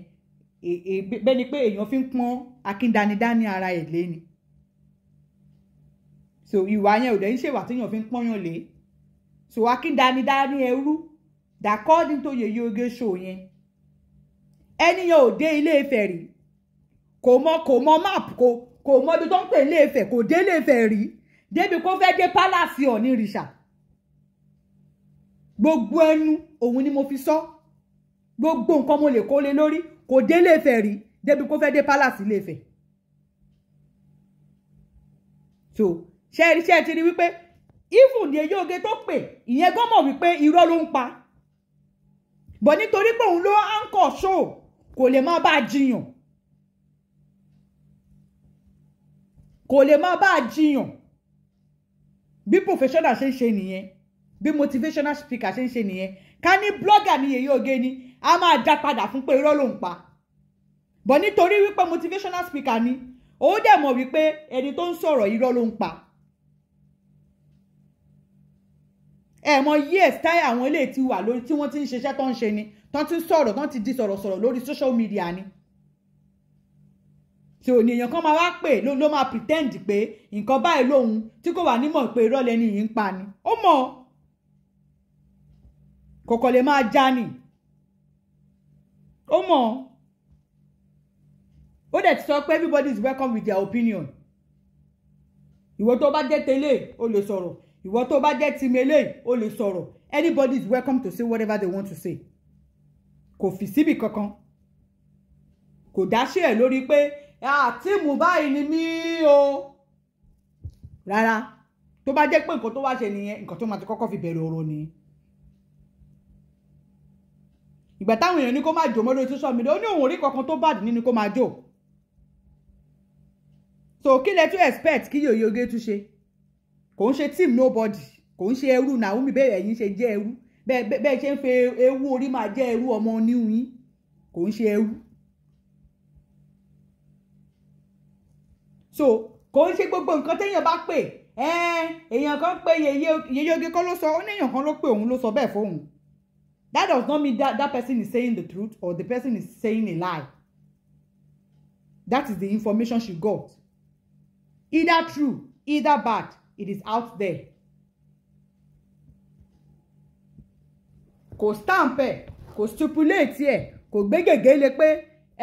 S1: e, e, bẹ́ẹ̀ ni pé èèyàn fi ń pọ́n akíndanidání ara ẹ̀ lé ni so ìwà yẹn ò dẹ̀ ń ṣèwà téèyàn fi ń pọ́nyàn lé so akíndanidání ẹrú dàkọ́ọ́dín tó yẹ yege ṣò yẹn ẹni yẹn ò dé ilé Ifẹ̀ rí kò mọ kò mọ map kò kò mọ ibi tó ń pè ilé Ifẹ̀ kò dé ilé Ifẹ̀ rí débi kó fẹ́ dé pálásì Ọ̀ọ̀ni rìṣà gbogbo ẹnu òun ni mo fi sọ gbogbo nǹkan mo lè kó lé lórí kò dé léèfẹ̀ rí débi kó fẹ́ dé palace léèfẹ̀ so ṣe rí ṣe ti rí wípé even ní eyín oge tó pè ìyẹn gan mọ̀ wípé irọ́ ló ń pa bọ̀ nítorí pé òun ló anchor show kò lè má bá a jiyàn kò lè má bá a jiyàn bí professional ṣe ń ṣe nìyẹn bí motivational speaker ṣe ń ṣe nìyẹn ká ní blogger ni Yèyé Ògéni a máa já padà fún pé irọ́ ló ń pa bọ̀ nítorí wípé motivational speaker ni ó dẹ̀ mọ̀ wípé ẹni tó ń sọ̀rọ̀ irọ́ ló ń pa ẹ mọ years táyà àwọn eléyìí ti wà lórí tí wọ́n ti ń ṣiṣẹ́ tó ń ṣe ni tó ti ń sọ̀rọ̀ tó ti di sọ̀rọ̀sọ̀rọ̀ lórí social media ni tí ò ní èèyàn kan máa wá pè ló ló máa pretend pé nǹkan báyìí lòun tí kò wà nímọ̀ pé irọ́ lẹni yìí ń pa ni ó mọ̀ ọ́ kọ̀kọ̀ lè máa já ni ó mọ̀ ó dẹ̀ ti sọ pé everybody is welcome with their opinion ìwọ tó bá jẹ́ tẹ́lẹ̀ o lè sọ̀rọ̀ ìwọ tó bá jẹ́ tìmẹ́lẹ̀ o lè sọ̀rọ̀ anybody is welcome to say whatever they want to say kò fi síbì kankan kò dáṣẹ́ ẹ̀ lórí pé àtìmù báyìí ni mí o rárá tó bá jẹ́ pé nǹkan tó wá ṣe nìyẹn nǹkan tó máa ti kọ́kọ́ fi bẹ̀rẹ̀ ọ̀rọ̀ nìyẹn ìgbà táwọn èèyàn ní kó má jò mọ́ lórí social media ó ní òun rí kankan tó bàdì nínú kó má jò so kí lẹ tún expect kí yòyè oge tún ṣe kò ń ṣe team nobody kò ń ṣe ẹrú Naomi bẹ́ẹ̀ ẹ̀yin ṣe jẹ́ ẹrú bẹ́ẹ̀ ṣe ń fi ewu orí máa jẹ́ ẹrú ọmọ oníhun yín kò ń ṣe ẹrú so kò ń ṣe gbogbo nǹkan téèyàn bá pè èèyàn kan pé yèyé oge kọ́ ló sọ ó ní èèyàn kan ló pè òun ló sọ bẹ́ẹ̀ fóun That does not mean that that person is saying the truth or the person is saying a lie. That is the information she got. Either true, either bad, it is out there. Kò stamp ẹ̀, kò stipulate ẹ̀, kò gbé gègé lé pé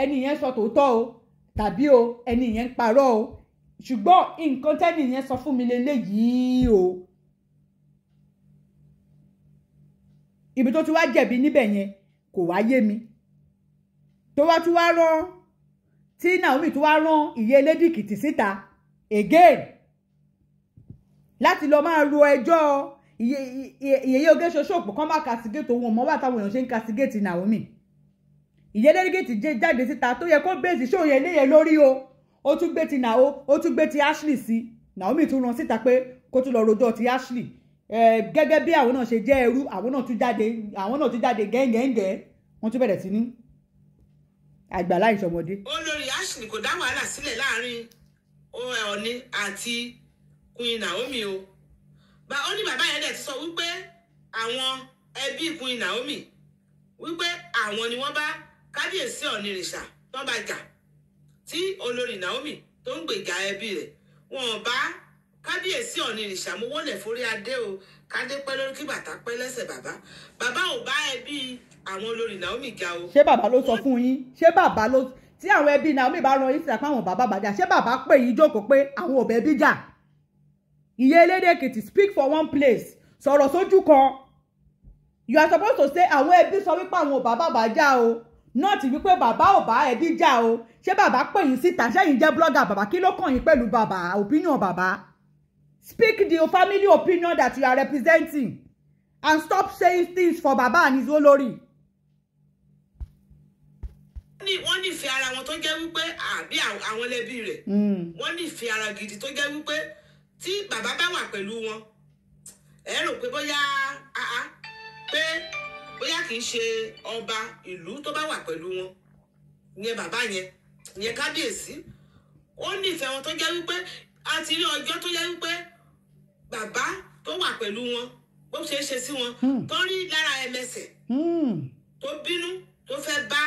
S1: ẹni yẹn sọ tòótọ́ o tàbí o ẹni yẹn ń parọ́ o ṣùgbọ́n nǹkan tẹ́ni yẹn so fún mi lélẹ́yìí o ibi tó ti wá jẹ̀bi níbẹ̀ yẹn kò wá yé mi tó wá tún wá rán tí Naomi tún wá rán ìyá elédìkìtì síta again láti lọ máa ro ẹjọ́ ìyẹyẹ oge ṣoṣoòpù kán máa kàsígéètì ohun ọmọ wà táwọn èèyàn ṣe ń kàsígéètì Naomi ìyá elédìkìtì jáde síta tó yẹ kó bèèsì ṣòye eléyẹ lórí o ó tún gbé ti Nao ó tún gbé ti Ashley sí Naomi tún rán síta pé kó tún lọ rojọ́ ti Ashley Eh, gẹ́gẹ́ bí àwọn náà ṣe jẹ́ ẹrú àwọn náà tún jáde àwọn náà tún jáde gẹ́ngẹ́ngẹ́ wọ́n tún bẹ̀rẹ̀ sí ní àgbàlá ìṣọmọdé.
S2: olórí ashley kò dá wàhálà sílẹ̀ láàrin eh, ọ̀ọ́ni àti queen naomi o ó ní bàbá yẹn dẹ̀ ti sọ wípé àwọn ẹbí queen naomi wípé àwọn ni wọ́n bá kábíyèsí ọ̀nìrìṣà tó bá jà tí olórí naomi tó ń gbèjà ẹbí rẹ̀ wọn ò bá kábíyèsí ọ̀ni nìṣàmú wọlé forí adé o kádé pẹ́ lórí kí bàtà pẹ́ lẹ́sẹ̀ bàbá bàbá ò bá ẹbí àwọn olórí Naomi ga
S1: o. ṣé bàbá ló sọ fún yín ṣé bàbá ló tí àwọn ẹbí Naomi bá ran yín síta bàbá bàjá ṣé bàbá pè yín jókòó pé àwọn ò bẹ́bí jà ìyá elédè Èkìtì speak for one place sọ̀rọ̀ sójú kan you are supposed to say àwọn ẹbí sọ wípé àwọn ò bàbá bàjá o not wípé bàbá ò bá ẹbí jà o ṣé bàbá pè yín síta ṣé yín jẹ́ blogger bàbá kí ló kàn yín pẹ̀lú bàbá opinion bàbá. Speak the family opinion that you are representing and stop saying things for Baba and his olórí.
S2: wọ́n nífẹ̀ẹ́ ara wọn tó jẹ́ wípé àbí àwọn ẹlẹ́bí rẹ̀ hmm. wọ́n nífẹ̀ẹ́ ara gidi tó jẹ́ wípé tí bàbá bá wà pẹ̀lú wọn ẹ rò pé bóyá àá pé bóyá kì í ṣe ọba ìlú tó bá wà pẹ̀lú wọn ìyẹn bàbá yẹn ìyẹn kábíyèsí ó nífẹ̀ẹ́ wọn tó jẹ́ wípé a ti ọjọ́ tó jẹ́ wípé bàbá tó wà pẹ̀lú wọn bó ṣe é ṣe sí wọn hmm. tó rí lára ẹmẹsẹ̀ hmm. tó bínú tó fẹ́ bá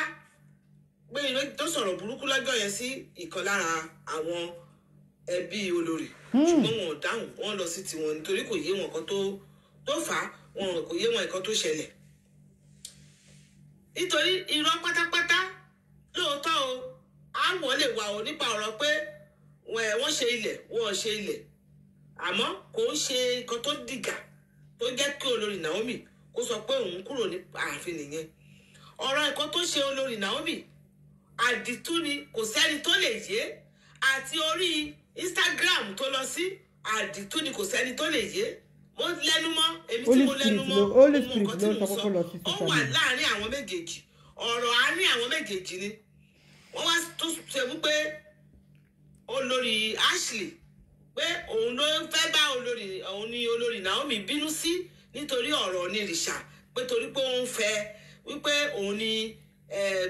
S2: gbẹ̀yìn tó sọ̀rọ̀ burúkú lọ́jọ́ yẹn sí ìkan lára àwọn ẹbí olórí hmm. ṣùgbọ́n wọn ò dáhùn wọn lọ sí tiwọn nítorí kò yé wọn kan tó tó fà á wọn kò yé wọn nǹkan tó ṣẹlẹ̀ nítorí irọ́ pátápátá lóòótọ́ o àwọn lè wà ó nípa ọ̀rọ̀ pé wọ́n ṣe ilẹ̀ wọ́n ṣe ilẹ̀ àmọ́ kò ń ṣe nǹkan tó dìgà tó jẹ́ kí olórí Naomi kó sọ pé òun kúrò ní ààfin nìyẹn ọ̀rọ̀ nǹkan tó ṣe olórí Naomi àdìtú ni kò sẹ́ni tó lè yé àti orí Instagram tó lọ sí àdìtú ni kò sẹ́ni tó lè yé mo lẹ́nu mọ́ èmi tí mo lẹ́nu mọ́ mo nǹkan tí mo sọ ó wà láàrin àwọn méjèèjì ọ̀rọ̀ àárín àwọn méjèèjì ni wọ́n wá tó ṣe wípé olórí Ashley pé òun ló ń fẹ́ bá olórí òun ni olórí Naomi bínú sí nítorí ọ̀rọ̀ onírìṣà pé torí pé òun fẹ́ wípé òun ni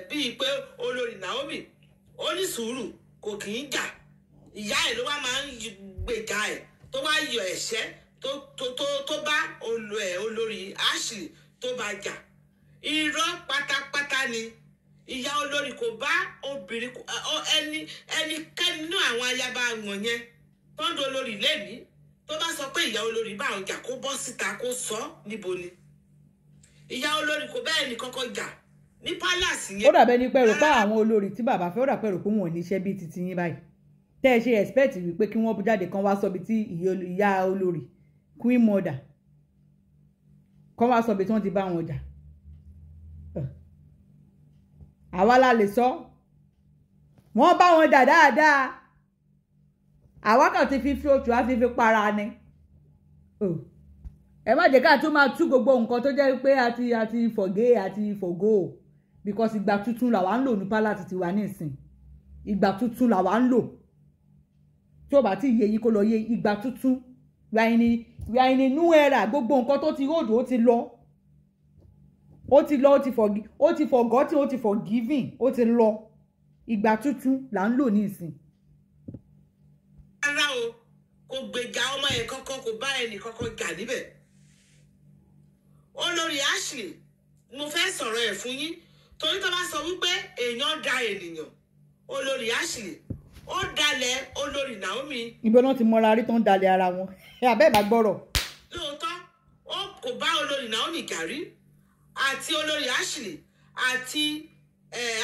S2: bíi pé olórí Naomi ó ní sùúrù kò kì í jà ìyá ẹ̀ ló wá máa ń gbèjà ẹ̀ tó wá yọ ẹ̀ṣẹ́ tó bá olórí Ashley tó bá jà irọ́ pátápátá ni ìyá olórí kò bá obìnrin ẹnikẹ́ni náà àwọn ayaba wọ̀nyẹn tó ń do olórí lẹ́ni tó bá sọ pé ìyá olórí bá ọjà kó bọ́ síta kó sọ níbo ni ìyá olórí kò bẹ́ẹ̀ ní kọ́kọ́ jà ní pálásì
S1: yẹn. ó dàbẹ́ ní pẹ́rù pa ah. àwọn olórí tí bàbá fẹ́ ó dà pẹ́rù pé wọn ò ní iṣẹ́ bíi titi yín báyìí tẹ́ ẹ ṣe expect wípé kí wọ́n jáde kan wá sọ́bi tí ìyá olórí queen mother kan wá sọ́bi tí wọ́n ti bá wọn jà àwa la lè sọ wọ́n bá wọn jà dáadáa àwa kan ti fi fi oṣù á fi fi para ni ẹ má jẹ́ ká tún máa tú gbogbo nǹkan tó jẹ́ pé a ti a ti forge a ti forgo because ìgbà tuntun làwa ń lò ní pálátì tiwa nísìn ìgbà tuntun làwa ń lò tí ó bá ti yẹ yín kó lọ yẹ ìgbà tuntun wíwá ẹni nú ẹ̀rà gbogbo nǹkan tó ti ròdò ó ti lọ ó ti lọ ó ti forgi ó ti forgotten ó ti forgiving ó ti lọ ìgbà tuntun là ń lò nísìn
S2: rárá o kò gbèjà ọmọ yẹn kankan kò bá ẹnì kankan jà níbẹ̀ olórí ashley mo fẹ́ sọ̀rọ̀ ẹ̀ fún yín torí tó bá sọ wípé èèyàn da ènìyàn olórí ashley ó dalẹ̀ olórí naomi.
S1: ibi náà ti mọra rí tó ń dalẹ̀ ara wọn ẹ abẹ́ ìbá gbọ́rọ̀.
S2: lóòótọ́ ó kò bá olórí naomi gàrí àti olórí ashley àti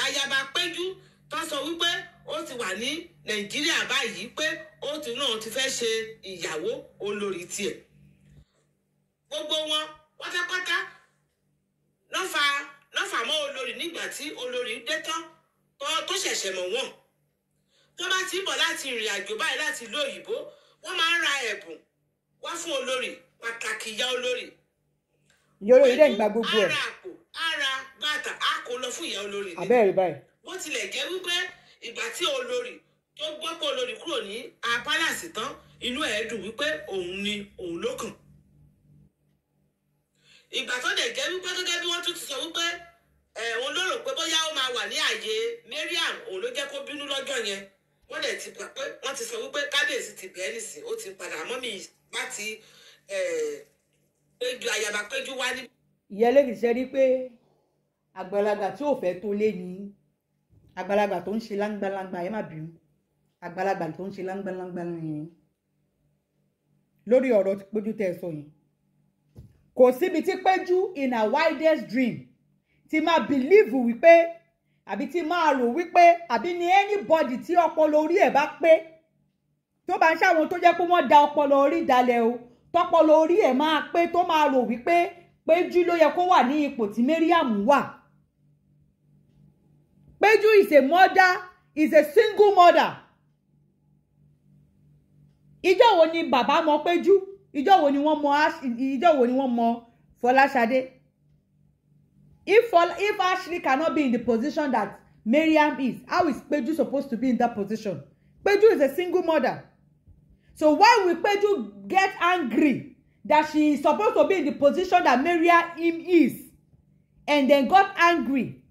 S2: ayaba péjú tó sọ wípé ó ti wà ní nàìjíríà báyìí pé ó ti náà ti fẹ́ ṣe ìyàwó olórí tiẹ̀ gbogbo wọn pátápátá lọ́fà lọ́fà mọ́ olórí nígbà tí olórí dé tán tó ṣẹ̀ṣẹ̀ mọ̀ wọ́n tó bá ti bọ̀ láti ìrìn àjò báyìí láti ìlú òyìnbó wọ́n máa ń ra ẹ̀bùn wá fún olórí pàtàkì ìyá olórí.
S1: ìyá olórí dẹ̀ ń gba gbogbo ẹ̀. ara àpò
S2: ara bàtà a kò lọ fún ìyá olórí. àbẹ́rẹ́ báyìí. bó tilẹ̀ jẹ́ wípé ìgbà tí olórí tó gbọ́ pé olórí kúrò ní apálàsì tán inú ẹ̀ dùn wípé òun ni òun ló kàn ìgbà tó dẹ̀ jẹ́ wípé gẹ́gẹ́ bí wọ́n tún ti sọ wípé òun ló rò pé bóyá ó máa wà ní ààyè Mariam òun ló jẹ́ kó bínú lọ́jọ́ yẹn wọ́n dẹ̀ ti gbà pé wọ́n ti sọ wípé kábíyèsí ti bẹ̀ẹ́ nìsín ó ti padà mọ́ mi bá ti péjú ayaba péjú wá ní.
S1: ìyẹlé kìí ṣe rí pé àgbàlagbà tí ò fẹ́ tó lé ní àgbàlagbà tó ń ṣe láńgbàláńgbà ẹ má bínú àgbàlagbà tó ń ṣe láńgbáláńgbáń yẹn lórí ọ̀rọ̀ péjú tẹ́ sọ yẹn kò síbi tí péjú in her wildest dream ti máa believe wípé àbí ti máa rò wípé àbí ni anybody tí ọpọlọ orí ẹ̀ bá pé tó bá ń ṣàwọn tó jẹ́ pé wọ́n da ọpọlọ orí dalẹ̀ o tọpọlọ orí ẹ̀ máa pé tó máa rò wípé péjú ló yẹ kó wà ní ipò tí Mariam wà péjú is a mother is a single mother ìjọ wo ni bàbá mọ Péjú ìjọ wo ni wọ́n mọ ìjọ wo ni wọ́n mọ Fọláṣadé if if Ashley cannot be in the position that Mariam is how is Peju supposed to be in that position Peju is a single mother so why will Peju get angry that she is supposed to be in the position that Mariam is and then got angry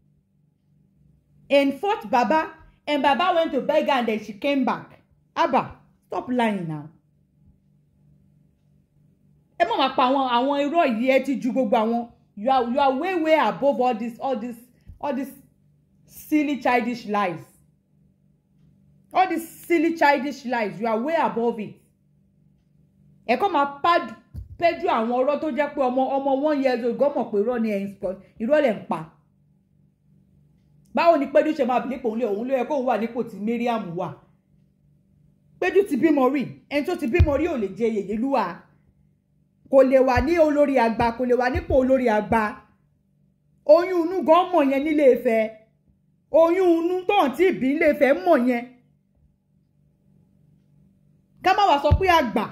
S1: and fought Baba and Baba went to beg her and then she came back Abba stop lying now ẹ má máa pa àwọn àwọn irọ́ yìí ẹ ti ju gbogbo àwọn you are you are way way above all this all this all this silly childish lies all this silly childish lies you are way above it ẹ kọ́ máa pẹ́jù àwọn ọ̀rọ̀ tó jẹ́ pé ọmọ ọmọ one years old gọ́mọ̀ pé irọ́ ni ẹ̀yìn sport irọ́ lẹ̀ ń pa báwo ni pẹ́jù ṣe máa bìlípò òun lé òun ló yẹ kóun wà nípò tí Mariam wà péjú ti bímọ rí ẹni tó ti bímọ rí ò lè jẹ yèyé lúwa kò lè wà ní olórí àgbà kò lè wà nípò olórí àgbà oyún inú gan mọ̀ yẹn nílé Ifẹ̀ oyún inú tóun tí ìbí nílé Ifẹ̀ mọ̀ yẹn ká má wá sọ pé àgbà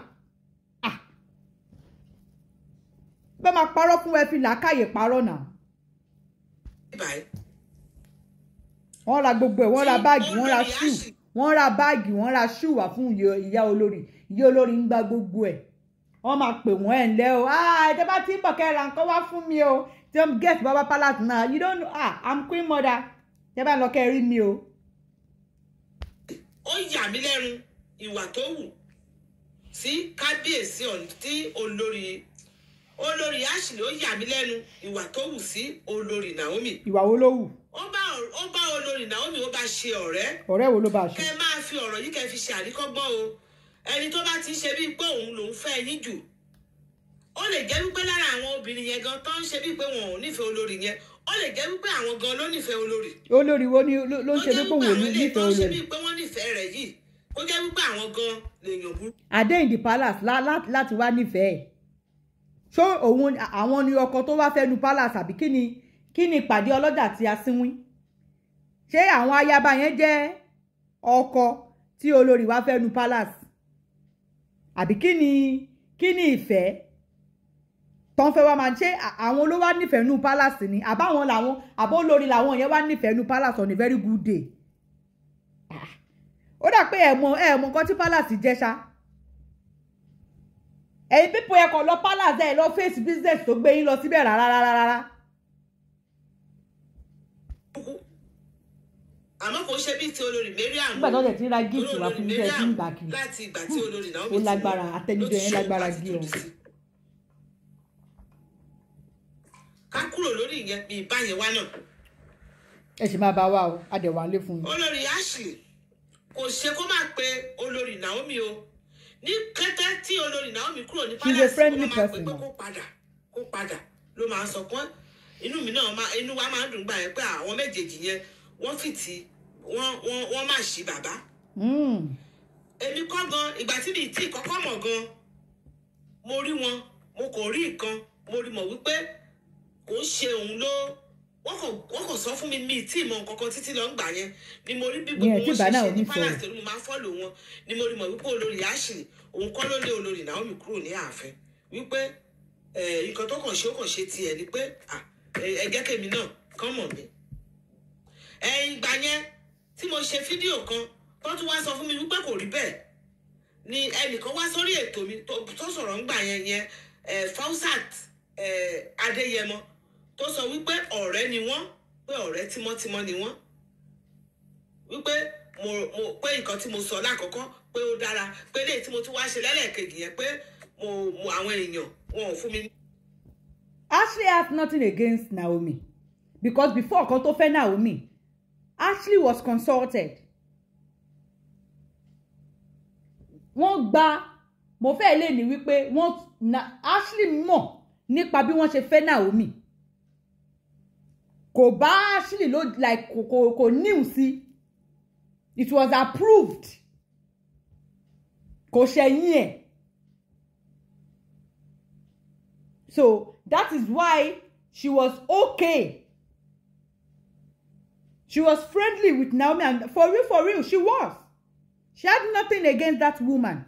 S1: bẹ́ẹ̀ máa parọ́ fún ẹ fi làákàyè parọ́ náà wọ́n ra gbogbo ẹ̀ wọ́n ra báàgì wọ́n ra ṣíù wọ́n ra báàgì wọ́n ra ṣùwà fún ìyá olórí ìyá olórí ń gba gbogbo ẹ̀ wọ́n máa pè wọ́n ẹ̀ ńlẹ́ o ah, ẹ bá ti ń bọ̀ kẹ́ra nǹkan wá fún mi o tí wọ́n get baba palace náà you don't know ah i'm queen mother ẹ bá lọ kẹ́ rí mi o.
S2: ó yà mí lẹ́nu ìwà tó wù sí kábíyèsí ọ̀hún tí olórí olórí ashley ó yà mí lẹ́nu ìwà tó wù sí olórí naomi. ìwà wo ló wù ó bá ó bá olórí Naomi ó bá ṣe ọ̀rẹ́. ọ̀rẹ́ wo ló bá ṣe. kẹ máa fi ọ̀rọ̀ yìí kẹ fi ṣe àríkọ́gbọ́n o ẹni tó bá ti ṣe bíi pé òun lòún fẹ́ yín jù ó lè jẹ́ wípé lára àwọn obìnrin yẹn gan tó ń ṣe bíi pé wọn ò nífẹ̀ẹ́ olórí yẹn ó lè jẹ́ wípé àwọn gan ló nífẹ̀ẹ́ olórí.
S1: olórí wo ni ló ń ṣe bíi pé wọn ò nífẹ̀ẹ́ olórí. ó jẹ́ wípé àwọn ilé tó ń ṣe bíi
S2: pé wọ́n nífẹ̀ẹ́ rẹ̀ yìí ó jẹ́ wípé àwọn gan lèèyàn burú.
S1: adé in the palace láti wá nífẹ̀ẹ́ ṣó òun àwọn ni ọkọ tó wá fẹ́ nu palace àbí kí ni kí ni ìpàdé ọlọ́jà tí a sínwín ṣé àwọn ayaba yẹn jẹ́ ọkọ tí olórí wa fẹ́ nu palace àbí kí ni kí ni ìfẹ́ tọ́n fẹ́ wá máa ṣe àwọn ló wá nífẹ̀ẹ́ nu palace ni àbáwọn làwọn àbọ̀ olórí làwọn yẹn wá nífẹ̀ẹ́ nu palace on a very good day ah, ó dà pé ẹ̀mọ ẹ̀mọ nǹkan tí palace jẹ́ ṣá ẹ̀yin pípọ̀ ẹ̀kọ́ lọ palace ẹ̀ lọ face business tó gbé yín lọ síbẹ̀ rárá rárá rárá.
S2: ṣe bíi ti olórí mariam
S1: nígbà tó tẹ̀ tí ra gift wá fún iṣẹ́ tí ń gbà kiri láti ìgbà tí hmm. olórí náà ó lágbára àtẹnudẹ yẹn lágbára bí ọ.
S2: ká kúrò lórí ìyẹn mi náà.
S1: ẹ sì máa bá wa o adẹ̀wálé fún yín.
S2: olórí ashley kò ṣe kó máa pe olórí naomi o ní kété tí olórí naomi kúrò ní palace ó
S1: máa pe pé kó
S2: padà kó padà ló máa sọ pé inú mi náà inú wa máa ń dùn gbà yẹn pé àwọn méjèèjì yẹn wọ́n fìtì wọ́n wọ́n wọ́n má ṣì bàbá. Hmm. èmi kọ́ gan ìgbà tí mi tí kọ́kọ́ mọ̀ gan mo rí wọn mo kò rí nǹkan mo rí mọ̀ wípé kò ń ṣe òun ló wọ́n kò sọ fún mi mi tí ìmọ̀ kankan títí lọ ń gbà yẹn ni mo rí bí gbogbo wọn ṣe ṣe ní palace tó ní mo máa ń fọ́lò wọn ni mo rí mọ̀ wípé olórí àṣì òun kọ́ ló lé olórí Naomi kúrò ní ààfin wípé nǹkan tó kàn ṣe ó kàn ṣe tiẹ̀ ni pé ẹ̀jẹ̀ kèmi náà kàn mọ̀ mi. ẹ̀yìn ìgbà yẹn tí mo ṣe fídíò kan tó tún wá sọ fún mi wípé kò rí bẹ́ẹ̀ ni ẹnìkan wá sórí ètò mi tó sọ̀rọ̀ ńgbà yẹn yẹn eh, Fausat eh, Adéyẹmọ tó sọ wípé ọ̀rẹ́ ni wọ́n pé ọ̀rẹ́ tímọ́tímọ́ ni wọ́n wípé mo mo pé nǹkan tí mo sọ lákọ̀ọ́kọ́ pé ó dára pé léyìí tí mo tún wá ṣe lẹ́lẹ́kejì yẹn pé mo mo àwọn èèyàn wọn ò fún mi.
S1: Ashley has nothing against Naomi because before kan tó fẹ́ Naomi Ashley was consulted wọ́n gba mo fẹ́ lè ní wípé wọ́n na Ashley mọ̀ nípa bí wọ́n ṣe fẹ́ Naomi kò bá Ashley ló like kò kò kò níwù sí it was approved kò ṣẹ̀yìn ẹ̀ so that is why she was okay She was friendly with Naomi and for real, for real, she was. She had nothing against that woman.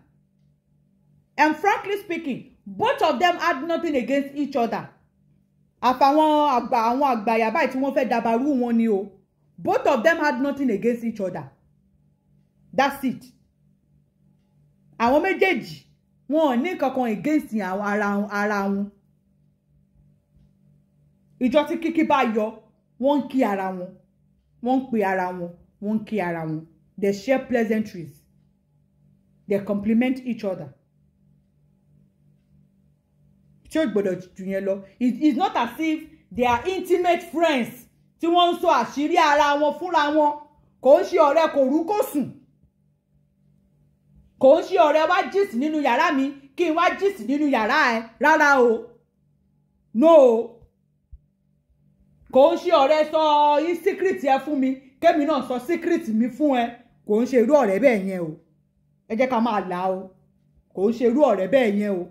S1: And frankly speaking, both of them had nothing against each other. Àfàwọn àgbà àwọn àgbà yàbá tí wọ́n fẹ́ dàbàrú wọn ni Both of them had nothing against each other. That's it. Àwọn méjèèjì wọn ò ní kankan against àwọn ara ara wọn. Ìjọ tí kíkí bá yọ, wọ́n ń kí ara wọn wọ́n ń pe ara wọn wọ́n ń kí ara wọn they share pleasantries they compliment each other tí ó gbọ́dọ̀ jù yẹn lọ it's not as if they are intimate friends tí wọ́n ń sọ àṣírí ara wọn fúnra wọn kò ń ṣe ọ̀rẹ́ kò rú kò sùn kò ń ṣe ọ̀rẹ́ wá gist nínú yàrá mi kí n wá gist nínú yàrá ẹ rárá o no o kò ń ṣe ọ̀rẹ́ sọ síkírìtì ẹ fún mi kémi náà sọ síkírìtì mi fún ẹ kò ń ṣe irú ọ̀rẹ́ bẹ́ẹ̀ yẹn o ẹ jẹ́ ká máa là o kò ń ṣe irú ọ̀rẹ́ bẹ́ẹ̀ yẹn o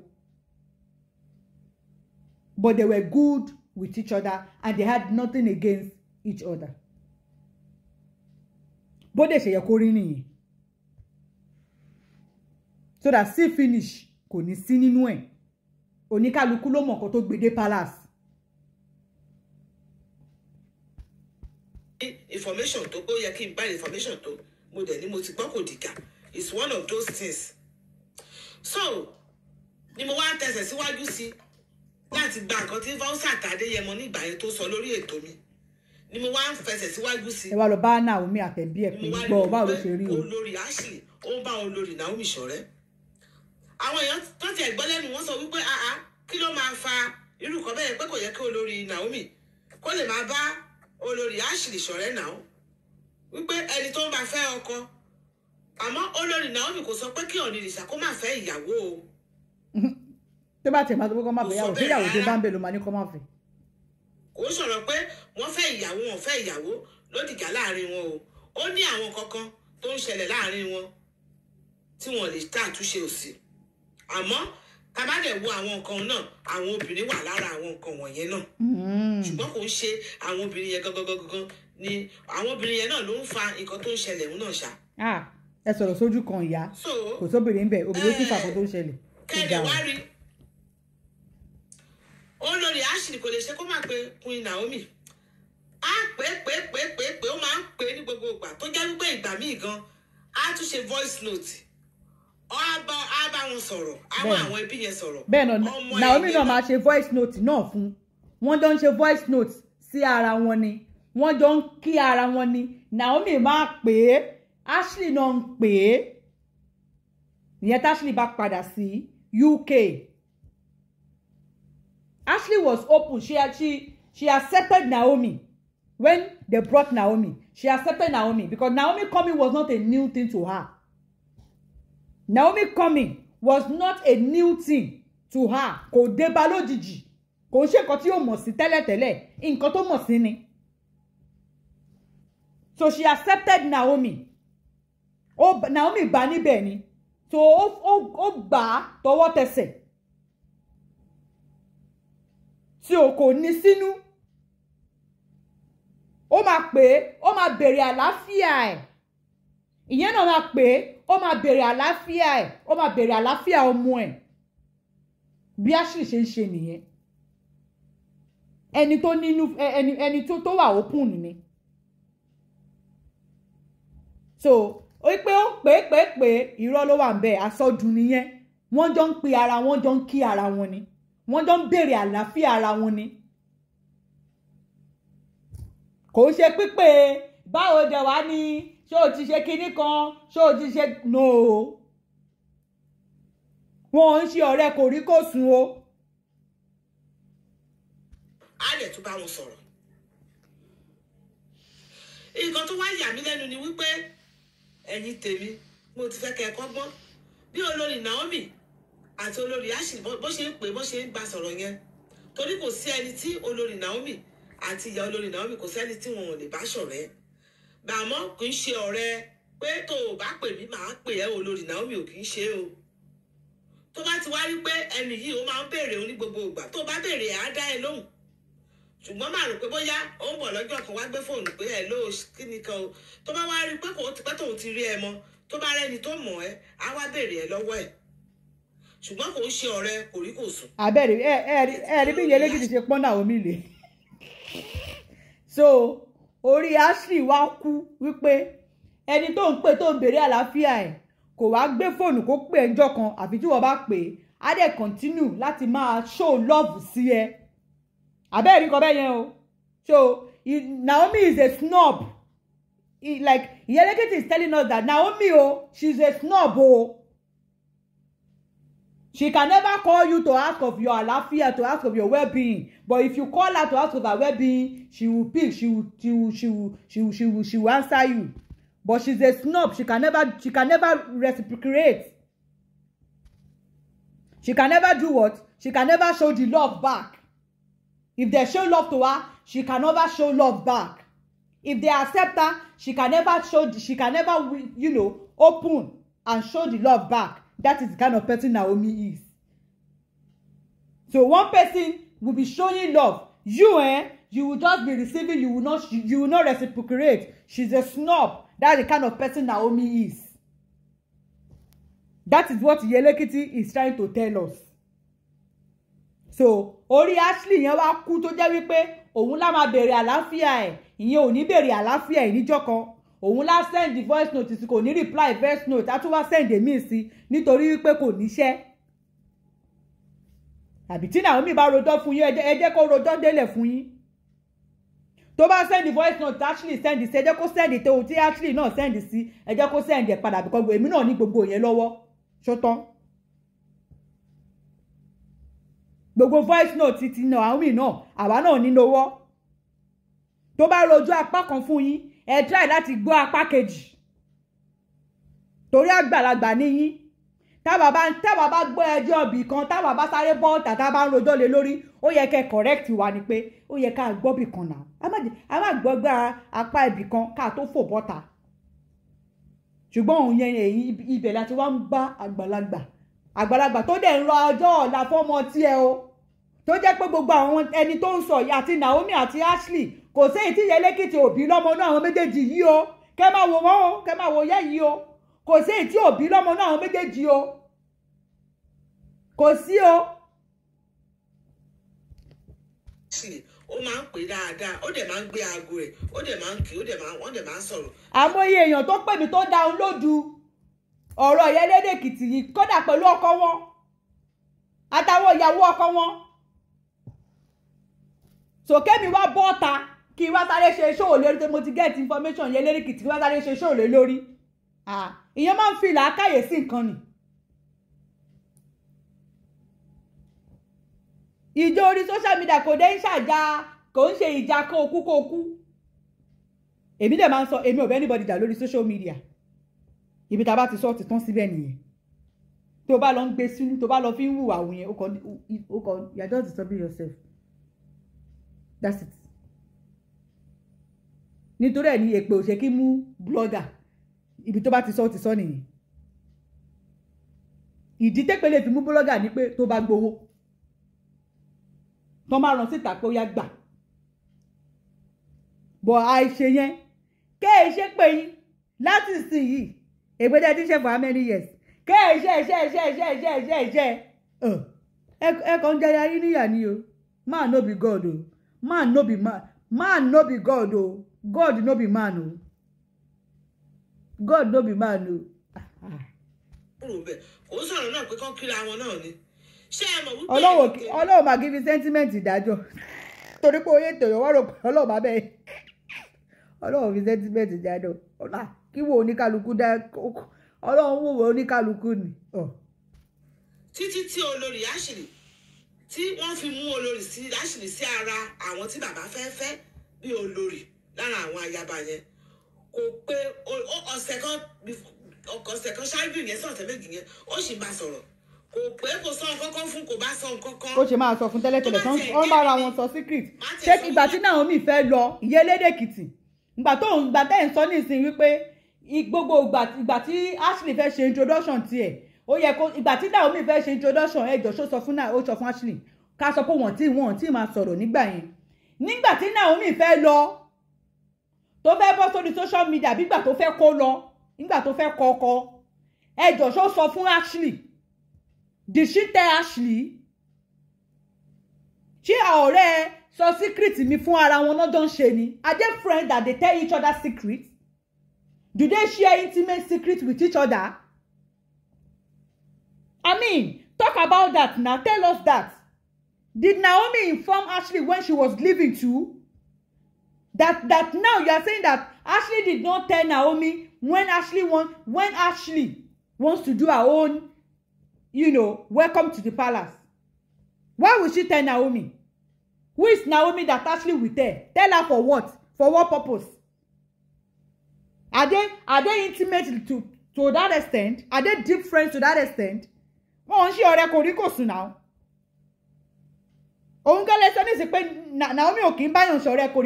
S1: but they were good with each other and they had nothing against each other bó dẹ̀ ṣe yẹ kó rí nìyẹn so that see finish kò ní sí nínú ẹ̀ oníkálukú ló mọ̀ nǹkan tó gbé palace
S2: information tó kó yẹ kí n buy information tó mo dẹ̀ ní mo ti gbọ́ kò dìgà it's one of those things so ni mo wá tẹsẹ̀ síwájú sí láti gba nǹkan tí vausa tàdéyẹmọ nígbà yẹn tó sọ lórí ètò mi ni mo wá ń fẹsẹ̀ síwájú sí. ẹ wá lọ
S1: bá Naomi àtẹ̀bí ẹ̀ pé gbọ́ báwo ló ṣe rí o.
S2: olórí ashley ó ń bá olórí Naomi ṣọ̀rẹ́ àwọn èèyàn tó tiẹ̀ gbọ́ lẹ́nu wọn sọ wípé kí ló máa fa irú kan bẹ́ẹ̀ pé kò yẹ kí olórí Naomi kó lè máa bá olórí ashley ṣọ̀rẹ́ náà wípé ẹni tó ń bá fẹ́ ọkọ àmọ́ olórí naomi kò sọ pé kí ọ̀nì ìrìṣà kó má fẹ́ ìyàwó o.
S1: <laughs> tó bá tẹ̀ máa tó kọ́ máa fẹ́ yàwó tí yàwó tó bá ń bẹ ló máa ní kọ́ máa fẹ́.
S2: kò sọ̀rọ̀ pé wọ́n fẹ́ ìyàwó wọn fẹ́ ìyàwó lódìjà láàrin wọn o ó ní àwọn kankan tó ń ṣẹlẹ̀ láàrin wọn tí wọn lè tá àtúnṣe òsì àmọ́ tá a bá dẹ̀ wo àwọn nǹkan náà àwọn obìnrin wà lára àwọn nǹkan wọ̀nyẹn náà hmm. ṣùgbọ́n kò ń ṣe àwọn obìnrin yẹn gangan ni àwọn obìnrin yẹn náà ló ń fa nǹkan tó ń ṣẹlẹ̀ òun náà ṣá.
S1: ẹ sọ̀rọ̀ sójú kan ìyá kò sóbìnrin ń bẹ̀ obìnrin tún eh, fàkó tó ń ṣẹlẹ̀.
S2: kẹ́lẹ̀ wá rí ashley kò lè ṣe kó má pe queen naomi á pè pè pè pè pè ó máa ń pè ní gbogbo ìgbà tó jẹ́ wípé ìgbà míì gan á tún ṣe voice note ọba ọba Naomi náà
S1: máa ṣe voice note náà fún wọ́n jọ ń ṣe voice note sí ara wọn ni wọ́n jọ ń kí ara wọn ni Naomi máa pè é Ashley náà ń pè é ìyẹn tí Ashley bá padà sí UK Ashley was open she she she accepted Naomi when they brought Naomi she accepted Naomi because Naomi coming was not a new thing to her Naomi coming was not a new thing to her kò dé bá lójijì kò ń ṣe nǹkan tí yóò mọ̀ sí tẹ́lẹ̀tẹ́lẹ̀ nǹkan tó mọ̀ sí ni so she accepted Naomi o Naomi bá níbẹ̀ ni so ó gbà á tọwọ́ tẹsẹ̀ tí o kò ní sínú ó máa pè é ó máa béèrè àlàáfíà ẹ̀ ìyẹn náà máa pè é ó máa bèrè àlàáfíà ẹ̀ ó máa bèrè àlàáfíà ọmọ ẹ̀ bí Ashley ṣe ń ṣe nìyẹn ẹni tó nínú ẹni ẹni tó tó wà open ni so ó pé ó pé pé pé irọ́ ló wà ń bẹ̀ àsọdùn nìyẹn wọ́n jọ ń pe ara wọn jọ ń kí ara wọn ni wọ́n jọ ń bèrè àlàáfíà ara wọn ni kò ń ṣe pípé báwo dẹ̀ wá ní ṣé o ti ṣe kinní kan ṣé o ti ṣe no wọn ò ń ṣe ọ̀rẹ́ kò rí kò sùn o.
S2: a lè tún bá wọn sọ̀rọ̀ nǹkan tó wá yà mí lẹ́nu ni wípé ẹ̀yin tèmi mo ti fẹ́ kẹ́ ẹ kọ́gbọ́n bí olórí Naomi àti olórí ashley bó ṣe ń pè bó ṣe ń gba sọ̀rọ̀ yẹn torí kò sí ẹni tí olórí Naomi àti ìyá olórí Naomi kò sẹ́ni tí wọn ò lè bá ṣọ̀rẹ́ bàmọ́ kì í ṣe ọ̀rẹ́ pé tó o bá pè mí màá pè ẹ́ olórí Naomi ò kì í ṣe o tó bá ti wá pé ẹni yìí ó máa ń béèrè oní gbogbo ìgbà tó bá béèrè á dá ẹ lóhùn ṣùgbọ́n máa rò pé bóyá ó ń bọ̀ lọ́jọ́ kan wá gbé fóònù pé ẹ ló kí ni kan o tó bá wá rí pé kò tipẹ́ tóun ti rí ẹ mọ tó bá rẹni tó mọ̀ ẹ́ á wá béèrè ẹ lọ́wọ́ ẹ̀ ṣùgbọ́n kò ń ṣe ọ̀rẹ́ kò rí kò sùn.
S1: àbẹ̀rẹ̀ ẹ ẹ rí bí Yẹlé Èkìtì ṣe pọ́n Naomi lè so orí ashley wá kú wípé ẹni tó ń pè tó ń béèrè àlàáfíà ẹ̀ kò wá gbé fóònù kó pè ẹ́ ńjọ́ kan àfi tí wọ́n bá pè é á dẹ̀ continue láti máa show love sí ẹ àbẹ́ẹ̀ rí kan bẹ́ẹ̀ yẹn o so Naomi is a snob He, like Iyelekete is telling us that Naomi o oh, she is a snob o. Oh. She can never call you to ask of your àlàáfíà, to ask of your well-being. But if you call her to ask of her well-being, she will pick, she will, she will, she will, she will, she will, she will answer you. But she's a snob. She can never, she can never reciprocate. She can never do what? She can never show the love back. If they show love to her, she can never show love back. If they accept her, she can never show, she can never, you know, open and show the love back. That is the kind of person Naomi is. So one person will be showing love. You, eh, you will just be receiving, you will not, you will not reciprocate. She's a snob. That's the kind of person Naomi is. That is what Yelekiti is trying to tell us. So, orí Ashley yẹn wá kú tó jẹ́ wípé òun lá máa bèrè àlàáfíà ẹ̀, ìyẹn ò ní bèrè àlàáfíà òun lá send voice note sí kò ní reply voice note á send èmi sí nítorí wípé kò níṣẹ́ àbí tí Naomi bá rojọ́ fún yín ẹ jẹ́ kó rojọ́ délẹ̀ fún yín tó bá send voice note actually send sí ẹ jẹ́ kó send tó tí actually náà send sí ẹ jẹ́ kó send ẹ̀ padà bíkọ́ èmi náà ní gbogbo yẹn lọ́wọ́ ṣótán. gbogbo voice note ti ti Naomi náà àwa náà ní lọ́wọ́ tó bá rojọ́ apá kan fún yín ẹ try láti gbọ́ apá kejì torí àgbàlagbà níyín táwa bá táwa bá gbọ́ ẹjọ́ ibì kan táwa bá sáré bọ́ ọ̀tà tá a bá ń rojọ́ lé lórí ó yẹ kẹ́ correct wa ni pé ó yẹ ká gbọ́ bì kan náà a má gbọ́ gbá apá ibì kan ká tó fò bọ́ta ṣùgbọ́n òun yẹn èyí ibẹ̀ láti wá ń bá àgbàlagbà àgbàlagbà tó dẹ̀ ń rọ ọjọ́ ọ̀la fọ́mọ tiẹ̀ o tó jẹ́ pé gbogbo àwọn ẹni tó ń sọ yìí àti Naomi àti Ashley kò séyìí tí yẹlẹ́kìtì òbí lọ́mọ náà àwọn méjèèjì yìí o kẹ́ máa wò wọ́n o kẹ́ máa wò yẹ́ yìí o kò séyìí tí òbí lọ́mọ náà àwọn méjèèjì o kò sí o.
S2: ó máa ń pè dáadáa ó dẹ̀ máa ń gbé aago ẹ̀ ó dẹ̀ máa ń kí ó dẹ̀ máa wọ́n dẹ̀ máa ń sọ̀rọ̀.
S1: àmọye èèyàn tó pè mí tó dá òun lójú ọ̀rọ̀ ìyẹlẹ́dẹ̀ èkìtì yìí kódà pẹ̀lú ọkọ wọn àtàwọn ìyàwó ọkọ wọn sòkè mi wá bọ́ ta. So, kí wá sáré ṣe ṣòwò lórí pé mo ti get information yẹn lérí kìtì kí wá sáré ṣe ṣòwò lé lórí ìyẹn máa ń fi làákàyè sí nǹkan nì. ìjọ orí social media kò dé ń ṣàjà kò ń ṣe ìjà kó okú kó okú èmi dẹ̀ máa ń sọ èmi ò bẹ́ẹ̀ anybody jà lórí social media ibi tá a bá ti sọ ọ́ ti tán síbẹ̀ nìyẹn tó bá lọ ń gbé sínú tó bá lọ fi ń hùwà òun yẹn ó kàn you are just disturbing yourself that's it nítorí ẹ̀ ní èpè ò ṣe kí mú blogger ibi tó bá ti sọ ó ti sọ nìyí ìdí tẹ́pẹ́ lè fi mú blogger ni pé tó bá gbowó tó máa ràn síta pé ó yá gbà bọ̀ àìṣe yẹn kẹ́ pé yín láti sìn yìí ègbé ti ṣe for how many years kẹ́ ẹ ṣe ṣe ṣe ṣe ṣe ṣe ṣe ẹ kàn ń jẹyà níyà ni o man no be God o man no be man man no be God o god no be man o god no be man o. kò
S2: sọ̀rọ̀ náà pé kán kíra wọn náà ni
S1: ṣé ẹ mọ̀ wípé. ọlọ́wọ́ máa kí fi sẹ́ńtímẹ́ǹtì dájọ́ torí pé oyè tòyọ̀ wọ́n rò pé ọlọ́wọ́ máa bẹ́ẹ̀ ọlọ́wọ́ fi sẹ́ńtímẹ́ǹtì dájọ́ ọ̀la kí wo oníkálukú dá ọlọ́wọ́ wò wò oníkálukú ni.
S2: títí tí olórí àṣírí tí wọ́n fi mú olórí sí àṣírí sí ara àwọn tí bàbá fẹ́ fẹ́ bí olórí lára àwọn ayaba yẹn kò pé ọ̀sẹ̀ kan ọ̀sẹ̀ kan ṣáájú yẹn sọ̀tẹ̀ méjì yẹn ó sì bá sọ̀rọ̀ kò
S1: pé kò sọ kọ́kọ́ fún kò bá sọ kọ́kọ́. ó ṣe máa sọ fún tẹ́lẹ̀tẹ́lẹ̀ tán wọ́n bá ara wọn sọ secret ṣé ìgbà tí Naomi fẹ́ lọ ìyẹn lédè Èkìtì ìgbà tó ń gbà tẹ́ ń sọ nísìnyí wípé gbogbo ìgbà tí Ashley fẹ́ ṣe introduction tiẹ̀ ó yẹ kó ìgbà tí Naomi fẹ́ ṣe introduction ẹjọ́ ṣó sọ fún náà ó sọ fún Ashley ká sọ pé wọ́n tí wọ́n tí máa sọ̀rọ̀ nígbà yẹn nígbà tí Naomi fẹ́ lọ tó fẹ́ bọ́ sórí social media bígbà tó fẹ́ kó lọ nígbà tó fẹ́ kọ́kọ́ ẹ jọ̀ṣọ́ sọ fún Ashley did she tell Ashley ṣé ọ̀rẹ́ ẹ sọ secret mi fún ara wọn lọ́jọ́ ń ṣe ni are they friends that they tell each other secret do they share intimate secret with each other I mean talk about that now tell us that did Naomi inform Ashley when she was leaving too. That that now you are saying that Ashley did not tell Naomi when Ashley want when Ashley wants to do her own, you know, welcome to the palace. Why would she tell Naomi? Who is Naomi that Ashley will tell? Tell her for what? For what purpose? Are they are they intimate to to that extent? Are they deep friends to that extent? Oh, she already kò rí kò sùn náà. Òun gẹ́lẹ́ Naomi ò kì í báyọ̀ ṣọ̀rẹ́ kò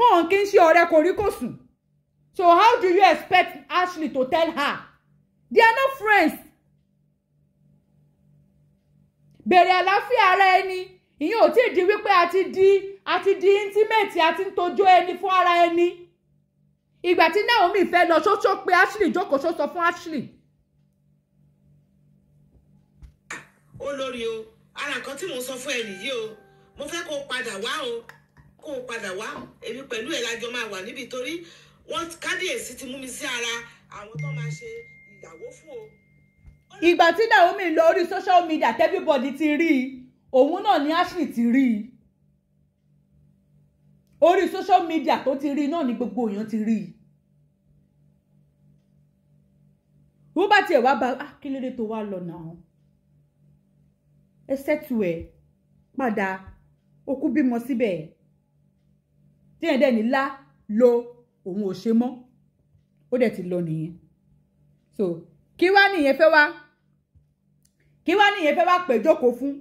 S1: wọn kì í ṣe ọ̀rẹ́ kòríkòsùn so how do you expect Ashley to tell her they are not friends bèrè àlàáfíà ara ẹni ìyẹn ò tí ì di wípé a ti di a ti di intimate a ti ń tojó ẹni fún ara ẹni ìgbà tí Naomi fẹ́ lọ ṣoṣo pé Ashley jókòó ṣoṣo fún Ashley.
S2: ó lórí o ara nǹkan tí mo sọ fún ẹ nìyí o mo fẹ́ kó padà wá o kó o padà wá èmi pẹ̀lú ẹ̀ lájọ máa wà níbi torí wọ́n kábíyèsí ti mú mi sí ara àwọn tó máa ṣe ìyàwó fún o.
S1: ìgbà tí Naomi lọ orí social media everybody ti rí i òun náà ni Ashley ti rí i orí social media tó ti rí i náà ni gbogbo èèyàn ti rí i. wọ́n bá tiẹ̀ wá ba ah, kí lóde tó wá lọ náà ẹ ṣètù ẹ̀ padà okú bímọ síbẹ̀ téèyàn dẹ̀ ní lá lo òun ò ṣe mọ́ ó dẹ̀ ti lọ nìyẹn so kí wá nìyẹn fẹ́ wá kí wá nìyẹn fẹ́ wá pè jókòó fún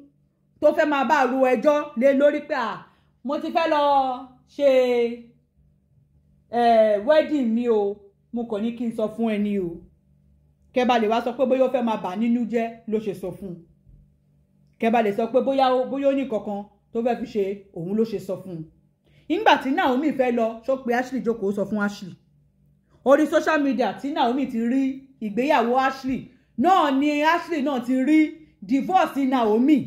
S1: tó fẹ́ máa bá ru ẹjọ́ lé lórí pé à mo ti fẹ́ lọ ṣe wedding mi o mo kàn ní kí n sọ fún ẹni o kẹ́ bá lè wá sọ pé bóyá ó fẹ́ máa bà nínú jẹ́ ló ṣe sọ fún un kẹ́ bá lè sọ pé bóyá ó ní kankan tó fẹ́ fi ṣe òun ló ṣe sọ fún un nígbà tí Naomi fẹ́ lọ sọ pé Ashley jókòó sọ fún Ashley orí social media tí Naomi ti rí ìgbéyàwó Ashley náà ni Ashley náà ti rí divorce Naomi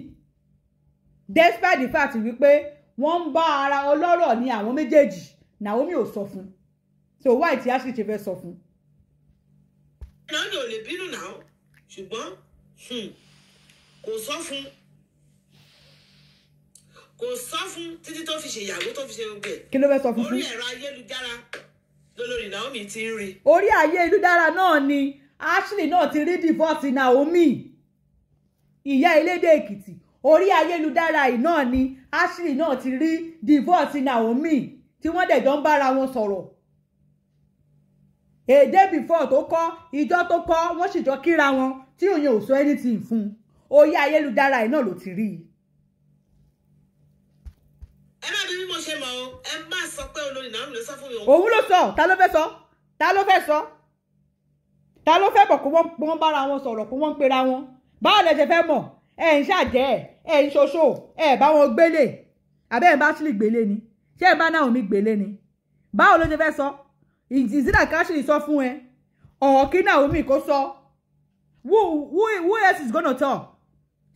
S1: despite the fact wípé wọ́n ń bá ara ọlọ́rọ̀ ní àwọn méjèèjì Naomi ò sọ fún so why tí Ashley ṣe fẹ́ sọ fún.
S2: Naomi ò lè bínú náà ṣùgbọ́n hmm, kò sọ fún kò sọ fún títí tó fi ṣe ìyàwó tó fi ṣe gbogbo
S1: kí ló fẹ́ sọ fún fún. orí ẹ̀rọ
S2: ayélujára lolórí Naomi ti ń rí.
S1: orí ayélujára náà ni Ashley náà ti rí divorce Naomi ìyá elédè Èkìtì orí ayélujára yìí náà ni Ashley náà ti rí divorce Naomi tí wọ́n dẹ̀ jọ ń bára wọn sọ̀rọ̀ èdè before tó kọ́ ìjọ tó kọ́ wọ́n sì jọ kíra wọn tí òun yẹn ò sọ anything fún un orí ayélujára yìí náà ló ti rí i
S2: ẹ má bí mo ṣe mọ̀ o ẹ má sọ pé olórí náà ló sọ fún mi.
S1: òun ló sọ ta ló fẹ́ sọ ta ló fẹ́ sọ ta ló fẹ́ bọ̀ kó wọ́n bára wọn sọ̀rọ̀ kó wọ́n pera wọn báwo lẹ ṣe fẹ́ ẹ ń ṣàjẹ́ ẹ ń ṣoṣo ẹ bá wọn gbélé àbẹ́ ẹ bá ṣìlì gbélé ni ṣé ẹ bá náà mi gbélé ni báwo ló ṣe fẹ́ sọ ìzínà káṣí sọ fún ẹ ọ̀hún kí náà omi kò sọ who who who else is gonna talk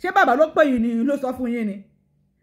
S1: ṣé bàbá ló pè yín ni ló sọ fún yín ni.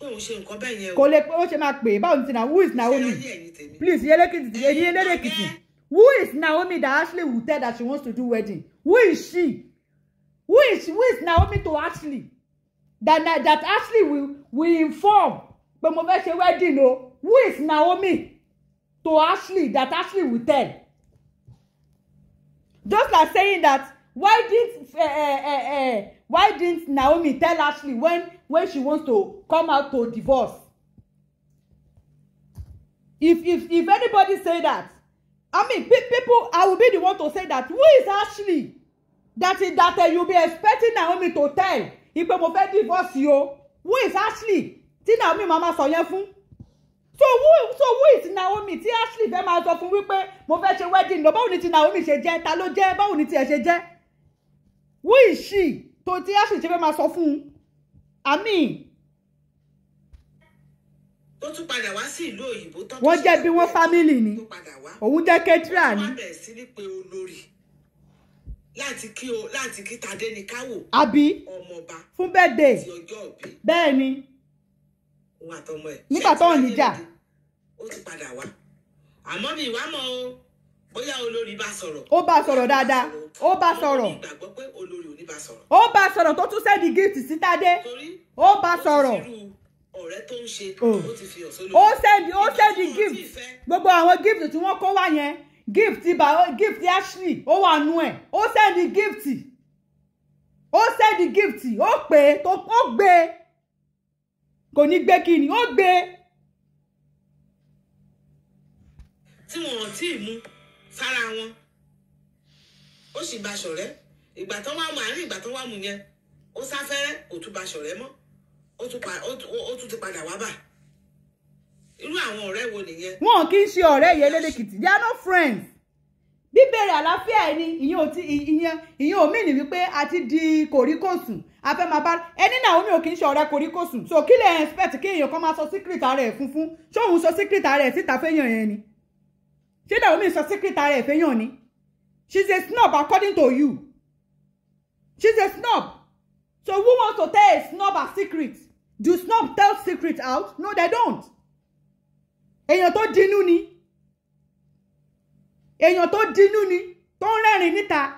S2: who is Naomi
S1: please who is Naomi that Ashley will tell that she wants to do wedding who is she who is who is Naomi to Ashley that that Ashley will will inform But mo fẹ́ wedding o who is Naomi to Ashley that Ashley will tell just like saying that why didn't uh, uh, uh, uh, why didn't Naomi tell Ashley when when she wants to come out to divorce if if if anybody say that i mean pe people i will be the one to say that who is ashley that is that uh, you be expecting naomi to tell ipe mo fẹ́ divorce yo who is ashley tí naomi mama sọ yẹn fún so who so who is naomi tí ashley fẹ́ máa fun fún wípé mo fẹ́ ṣe wedding lọ báwo ni ti naomi ṣe jẹ́ ta ló jẹ́ báwo ni tiẹ̀ ṣe jẹ́ who is she To tí ashley ṣe be máa so fún àmín.
S2: ó tún padà wá sí ìlú òyìnbó
S1: tó. wọ́n jẹ́ bí wọ́n fámìlì ni òun jẹ́ kẹ́tírà ni. wọ́n bẹ̀rẹ̀ sí ní pé olórí
S2: láti kí o láti kí tadé ní káwò.
S1: àbí fún bẹ́ẹ̀dẹ̀ bẹ́ẹ̀ ni. nígbà tó ń níjà.
S2: ó ti padà wá àmọ́ mi ìwà mọ́ o bóyá olórí bá sọ̀rọ̀.
S1: ó bá sọ̀rọ̀ dáadáa ó bá sọ̀rọ̀. ó ní ìgbàgbọ́ pé olórí ó bá sọ̀rọ̀ tó tún sẹ́ẹ̀dì gift sítádé ó bá sọ̀rọ̀
S2: ọ̀rẹ́ tó ń ṣe ó ti fi
S1: ọ̀sọ́ lórí. ó sẹ́ẹ̀dì ó sẹ́ẹ̀dì gift gbogbo àwọn gift tí wọ́n kó wá yẹn gift gift Ashley ó wà nú ẹ̀ ó sẹ́ẹ̀dì gift ó sẹ́ẹ̀dì gift ó pè é tó ó gbé e kò ní gbé kí ni ó gbé e. tí wọn ò tí ì mú sára wọn
S2: ó sì bá ṣọ̀rẹ́ ìgbà tán wá mú àárín ìgbà tán wá mú yẹn ó sáfẹ́rẹ́ kò tún ba ṣọ̀rẹ́ mọ́
S1: ó tún ti padà wá bà
S2: irú àwọn ọ̀rẹ́ wo nìyẹn.
S1: wọn kì í ṣe ọ̀rẹ́ yẹn lélẹkìtì they are no friends bíbèrè àlàáfíà ẹni ìyẹn ò ti ìyẹn ìyẹn ò mí ní wípé a ti di kòríkòsùn a fẹ́ máa bá ẹni Naomi ò kì í ṣe ọ̀rẹ́ kòríkòsùn so kí lè expect kí èèyàn kan máa sọ secret ara ẹ̀ funfun ṣóun sọ secret ara ẹ̀ síta fẹ́yàn yẹn ni ṣé Naomi sọ secret ara ẹ̀ fẹ́yàn ni she is a snob according to you She's a snob. So who wants to tell a snob a secret? Do snob tell secret out? No, they don't. And you told ni. And you told ni. Tó ń rẹ́rìn níta.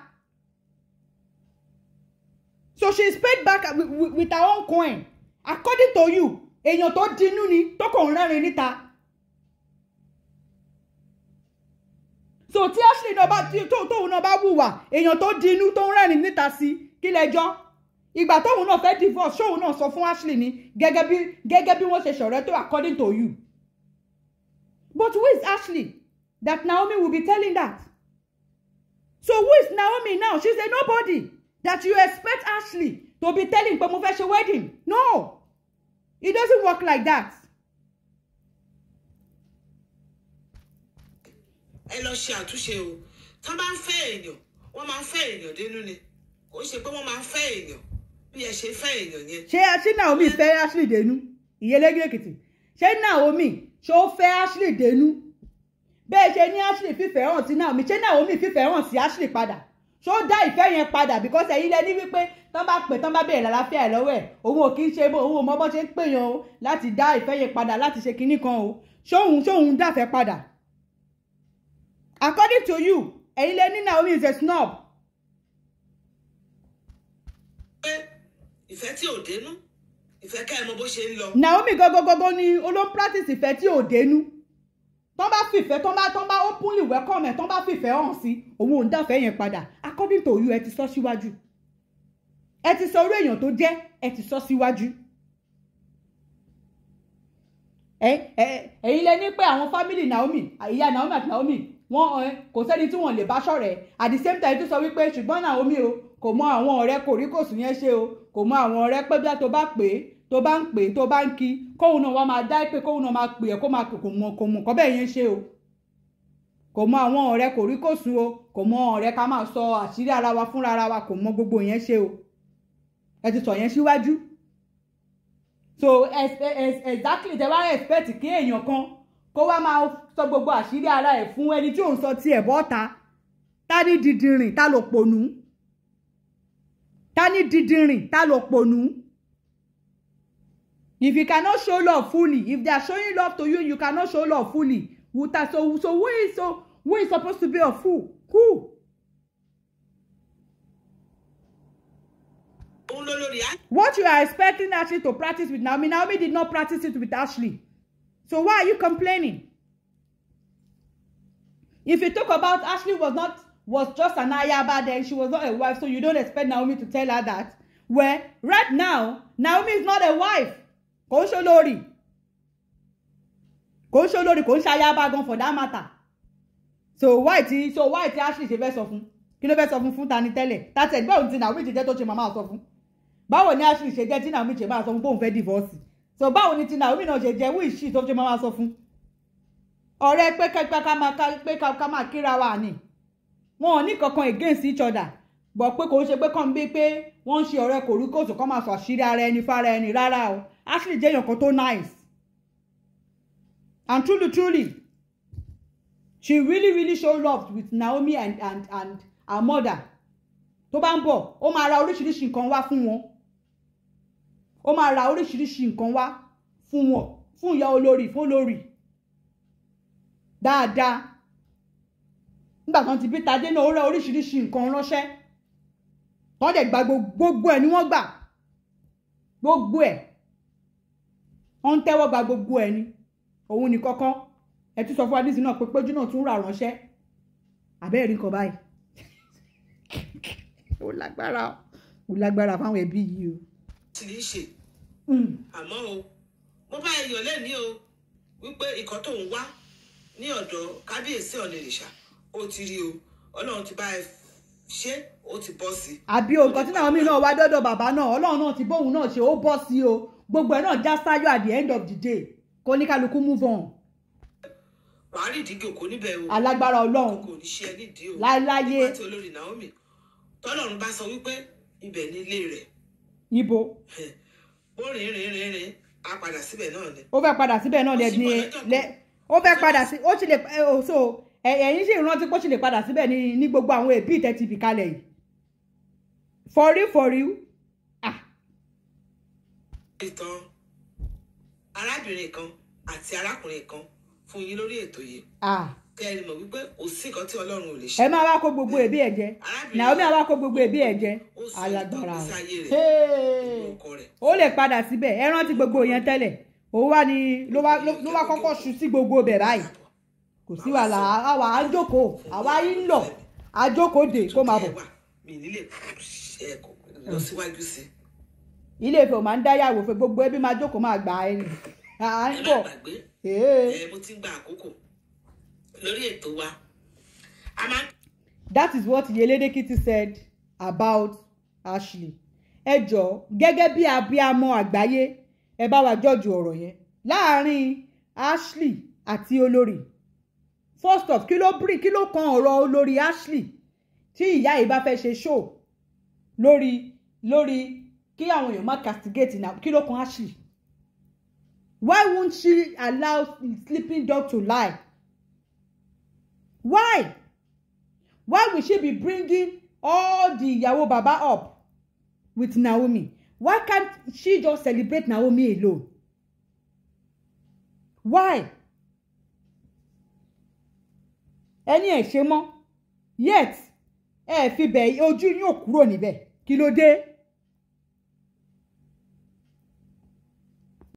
S1: So she's paid back with, with, with her own coin. According to you, And you told Dinuni tó kàn learn rẹ́rìn So tí Ashley náà bá tóun náà bá wùwà, èèyàn dinú tó not learn níta sí kí lẹ́jọ́ ìgbà tóun náà fẹ́ divorce ṣóun náà sọ fún Ashley ni gẹ́gẹ́ bí gẹ́gẹ́ bí wọ́n ṣe ṣọ̀rẹ́ tó according to you but who is Ashley that Naomi will be telling that so who is Naomi now she's a nobody that you expect Ashley to be telling pé mo fẹ́ ṣe wedding no it doesn't work like that.
S2: ẹ lọ ṣe àtúnṣe o tán bá ń fẹ́ èèyàn wọ́n máa ń fẹ́ èèyàn dénú ni kò ṣe pé wọ́n máa fẹ́ èèyàn bí ẹ ṣe fẹ́ èèyàn
S1: yẹn. ṣé ṣé Naomi fẹ́ Ashley Denu ìyẹlẹ́gbẹ̀ Èkìtì ṣé Naomi ṣó fẹ́ Ashley Denu bẹ́ẹ̀ ṣe ní Ashley fífẹ́ hàn sí Naomi ṣé Naomi fífẹ́ hàn sí Ashley padà ṣó dá ìfẹ́ yẹn padà because ẹ̀yin lẹ́ni wípé tán bá pè tán bá bẹ̀rẹ̀ lálàáfíà ẹ̀ lọ́wọ́ ẹ̀ òun ò kí ń ṣe bó òun ò mọ bó ṣe ń pèèyàn o láti dá ìfẹ́ yẹn padà láti ṣe kinní kan o ṣóhun ṣóhun dáfẹ́ padà according to you ẹ̀yin lẹ́ni Naomi is a snob
S2: ìfẹ́ tí ò dénú ìfẹ́ ká ẹ mọ bó ṣe ń lọ. Naomi
S1: gọgọgọgọ ni olóhùn practice ìfẹ́ tí ò dénú tọ́ bá fìfẹ́ tọ́ bá tọ́ bá openly welcome ẹ̀ tọ́ bá fìfẹ́ hàn sí òun ò ń dàfẹ́ yẹn padà according to you ẹ ti sọ síwájú ẹ ti sọ orí èèyàn tó jẹ́ ẹ ti sọ síwájú. ẹ̀yin lẹ ní pé àwọn family Naomi ìyá Naomi àti Naomi wọn kò sẹ́ni tí wọ́n lè bá ṣọ̀rẹ́ at the same time tó sọ wípé ṣùgbọ́n Naomi o kò mọ àwọn ọ̀rẹ́ kòríkòsùn yẹn ṣe o kò mọ àwọn ọ̀rẹ́ pé bí a tó bá pè é tó bá ń pè é tó bá ń kí kóun náà wá máa dá pé kóun náà máa pè é kó máa kò mọ kò mọ kọ́ bẹ́ẹ̀ yẹn ṣe o kò mọ àwọn ọ̀rẹ́ kò rí kò sùn o kò mọ ọ̀rẹ́ ká máa sọ àṣírí ara wa fúnra ara wa kò mọ gbogbo yẹn ṣe o ẹ ti sọ yẹn síwájú so exactly tẹ wá expect kí èèyàn kan kó wá máa sọ gbogbo àṣírí ara ẹ̀ fún ẹni tí òun sọ tiẹ̀ bọ́ta ta ní dìdìrìn ta lò pònú ta ni dìdìrìn ta ló pònú. If you cannot show love fully, if they are showing love to you, you cannot show love fully. Wuta, so so who is so who is supposed to be a fool? Who? What you are expecting Ashley to practice with Naomi, Naomi did not practice it with Ashley. So why are you complaining? If you talk about Ashley was not was just an ayaba then she was not a wife so you don't expect Naomi to tell her that well right now Naomi is not a wife kò ń ṣolórí kò ń ṣolórí kò ń ṣe ayaba gan for that matter so why ti so why ti Ashley ṣe fẹ́ sọ fún kí ló fẹ́ sọ fún fún ta ni tẹ́lẹ̀ tàtí ẹ̀gbẹ́ òun ti Naomi ti jẹ́ tó ṣe màmá sọ fún báwo ni Ashley ṣe jẹ́ tí Naomi ṣe máa sọ fún pé òun fẹ́ divorce so báwo ni ti Naomi náà ṣe jẹ́ wíìsì tó ṣe máa sọ fún ọ̀rẹ́ pé ká máa kíra wa ni wọn ò ní kankan against each other bọ̀ pé kò ń ṣe pé kàn ń bí pé wọ́n ń ṣe ọ̀rẹ́ kò rí kóòtù kọ́ máa sọ àṣírí ara ẹni fara ẹni rárá o ashley jẹ́ èèyàn kan tó nice and truly truly she really really show love with naomi and and and her mother tó bá ń bọ̀ ó máa ra oríṣiríṣi nǹkan wá fún wọn ó máa ra oríṣiríṣi nǹkan wá fún wọn fún ìyá olórí fún olórí dáadáa nígbà tán ti bí tadé rẹ oríṣiríṣi nǹkan ránṣẹ́ tán dẹ̀ gba gbogbo ẹ̀ ni wọ́n gbà gbogbo ẹ̀ wọ́n ń tẹ́wọ́ gba gbogbo ẹ̀ ni òun ní kọ́kọ́ ẹ tún sọ fún adísì náà pé péjú náà tún rà ránṣẹ́ àbẹ́ẹ̀rí kan báyìí <laughs> ó lágbára ó lágbára fáwọn ẹbí yìí o.
S2: ti ní ṣe hmm. àmọ́ o mo bá ẹ yọ̀ lẹ́ni o wípé ìkọ́ tó ń wá ní ọ̀dọ̀ kábíyèsí ọ̀nà ó ti rí o ọlọ́run ti bá ẹ ṣe ó ti bọ́ sí.
S1: àbí o nǹkan tí Naomi náà wá dọ́dọ̀ bàbá náà ọlọ́run náà ti bóun náà ṣe ó bọ́ sí o gbogbo ẹ̀ náà já sáyọ̀ at the end of the day kó ní kálukú move on.
S2: wàá rí ìdígò kò níbẹ̀ o. alágbára ọlọ́run kò ní ṣe ẹ nídìí
S1: o. láéláyé nípa tí olórí
S2: Naomi tọ́lọ́run bá sọ wípé ibẹ̀ ni ilé rẹ̀. ibo. ó rìn rìn rìn rìn á padà síbẹ̀ náà ni.
S1: ó fẹ́ padà síbẹ̀ náà lẹ́ni ó fẹ́ padà sí ó ti lè so ẹ̀yin sì rántí pé ó sì lè padà síbẹ̀ ní ní gbogbo àwọn ẹbí ìtẹ́tí ibì kalẹ̀ yìí for real for real. Ah.
S2: ìtàn arábìnrin kan àti arákùnrin kan fún yín lórí ètò yìí. Ah. kí ẹ mọ̀ wípé kò sí nǹkan tí ọlọ́run ò lè ṣe. ẹ máa wá kó
S1: gbogbo ẹbí ẹ jẹ Naomi àwa kó gbogbo ẹbí ẹ jẹ alágbára ó lè padà síbẹ̀ ẹ rántí gbogbo yẹn tẹ́lẹ̀ òun wá ní ló wá kọ́kọ́ ṣu sí gbogbo bẹ̀ báyìí kò sí wàhálà àwa á jókòó àwa yìí ń lọ á jókòó dè kó máa bọ̀. ilé ìfẹ́ ò máa ń dáyàwó fẹ́ gbogbo ẹbí máa jókòó máa gbà ẹni à ń bọ̀. mo ti
S2: ń gba àkókò lórí ètò wa.
S1: that is what Yelede Kitty said about Ashley ẹ jọ gẹ́gẹ́ bí abiyamọ àgbáyé ẹ bá wa jọ́jú ọ̀rọ̀ yẹn láàárín Ashley àti olórí first off kí ló bring kí ló kan ọ̀rọ̀ olórí Ashley tí ìyá yìí bá fẹ́ ṣe show lórí lórí kí àwọn èèyàn má castigate na kí ló kan Ashley why won't she allow sleeping dog to lie why why will she be bringing all the ìyàwó baba up with Naomi why can't she just celebrate Naomi alone why. ẹni ẹ̀ ṣe mọ́ yet ẹ fi bẹ̀ ojú yín ò kúrò níbẹ̀ kí ló dé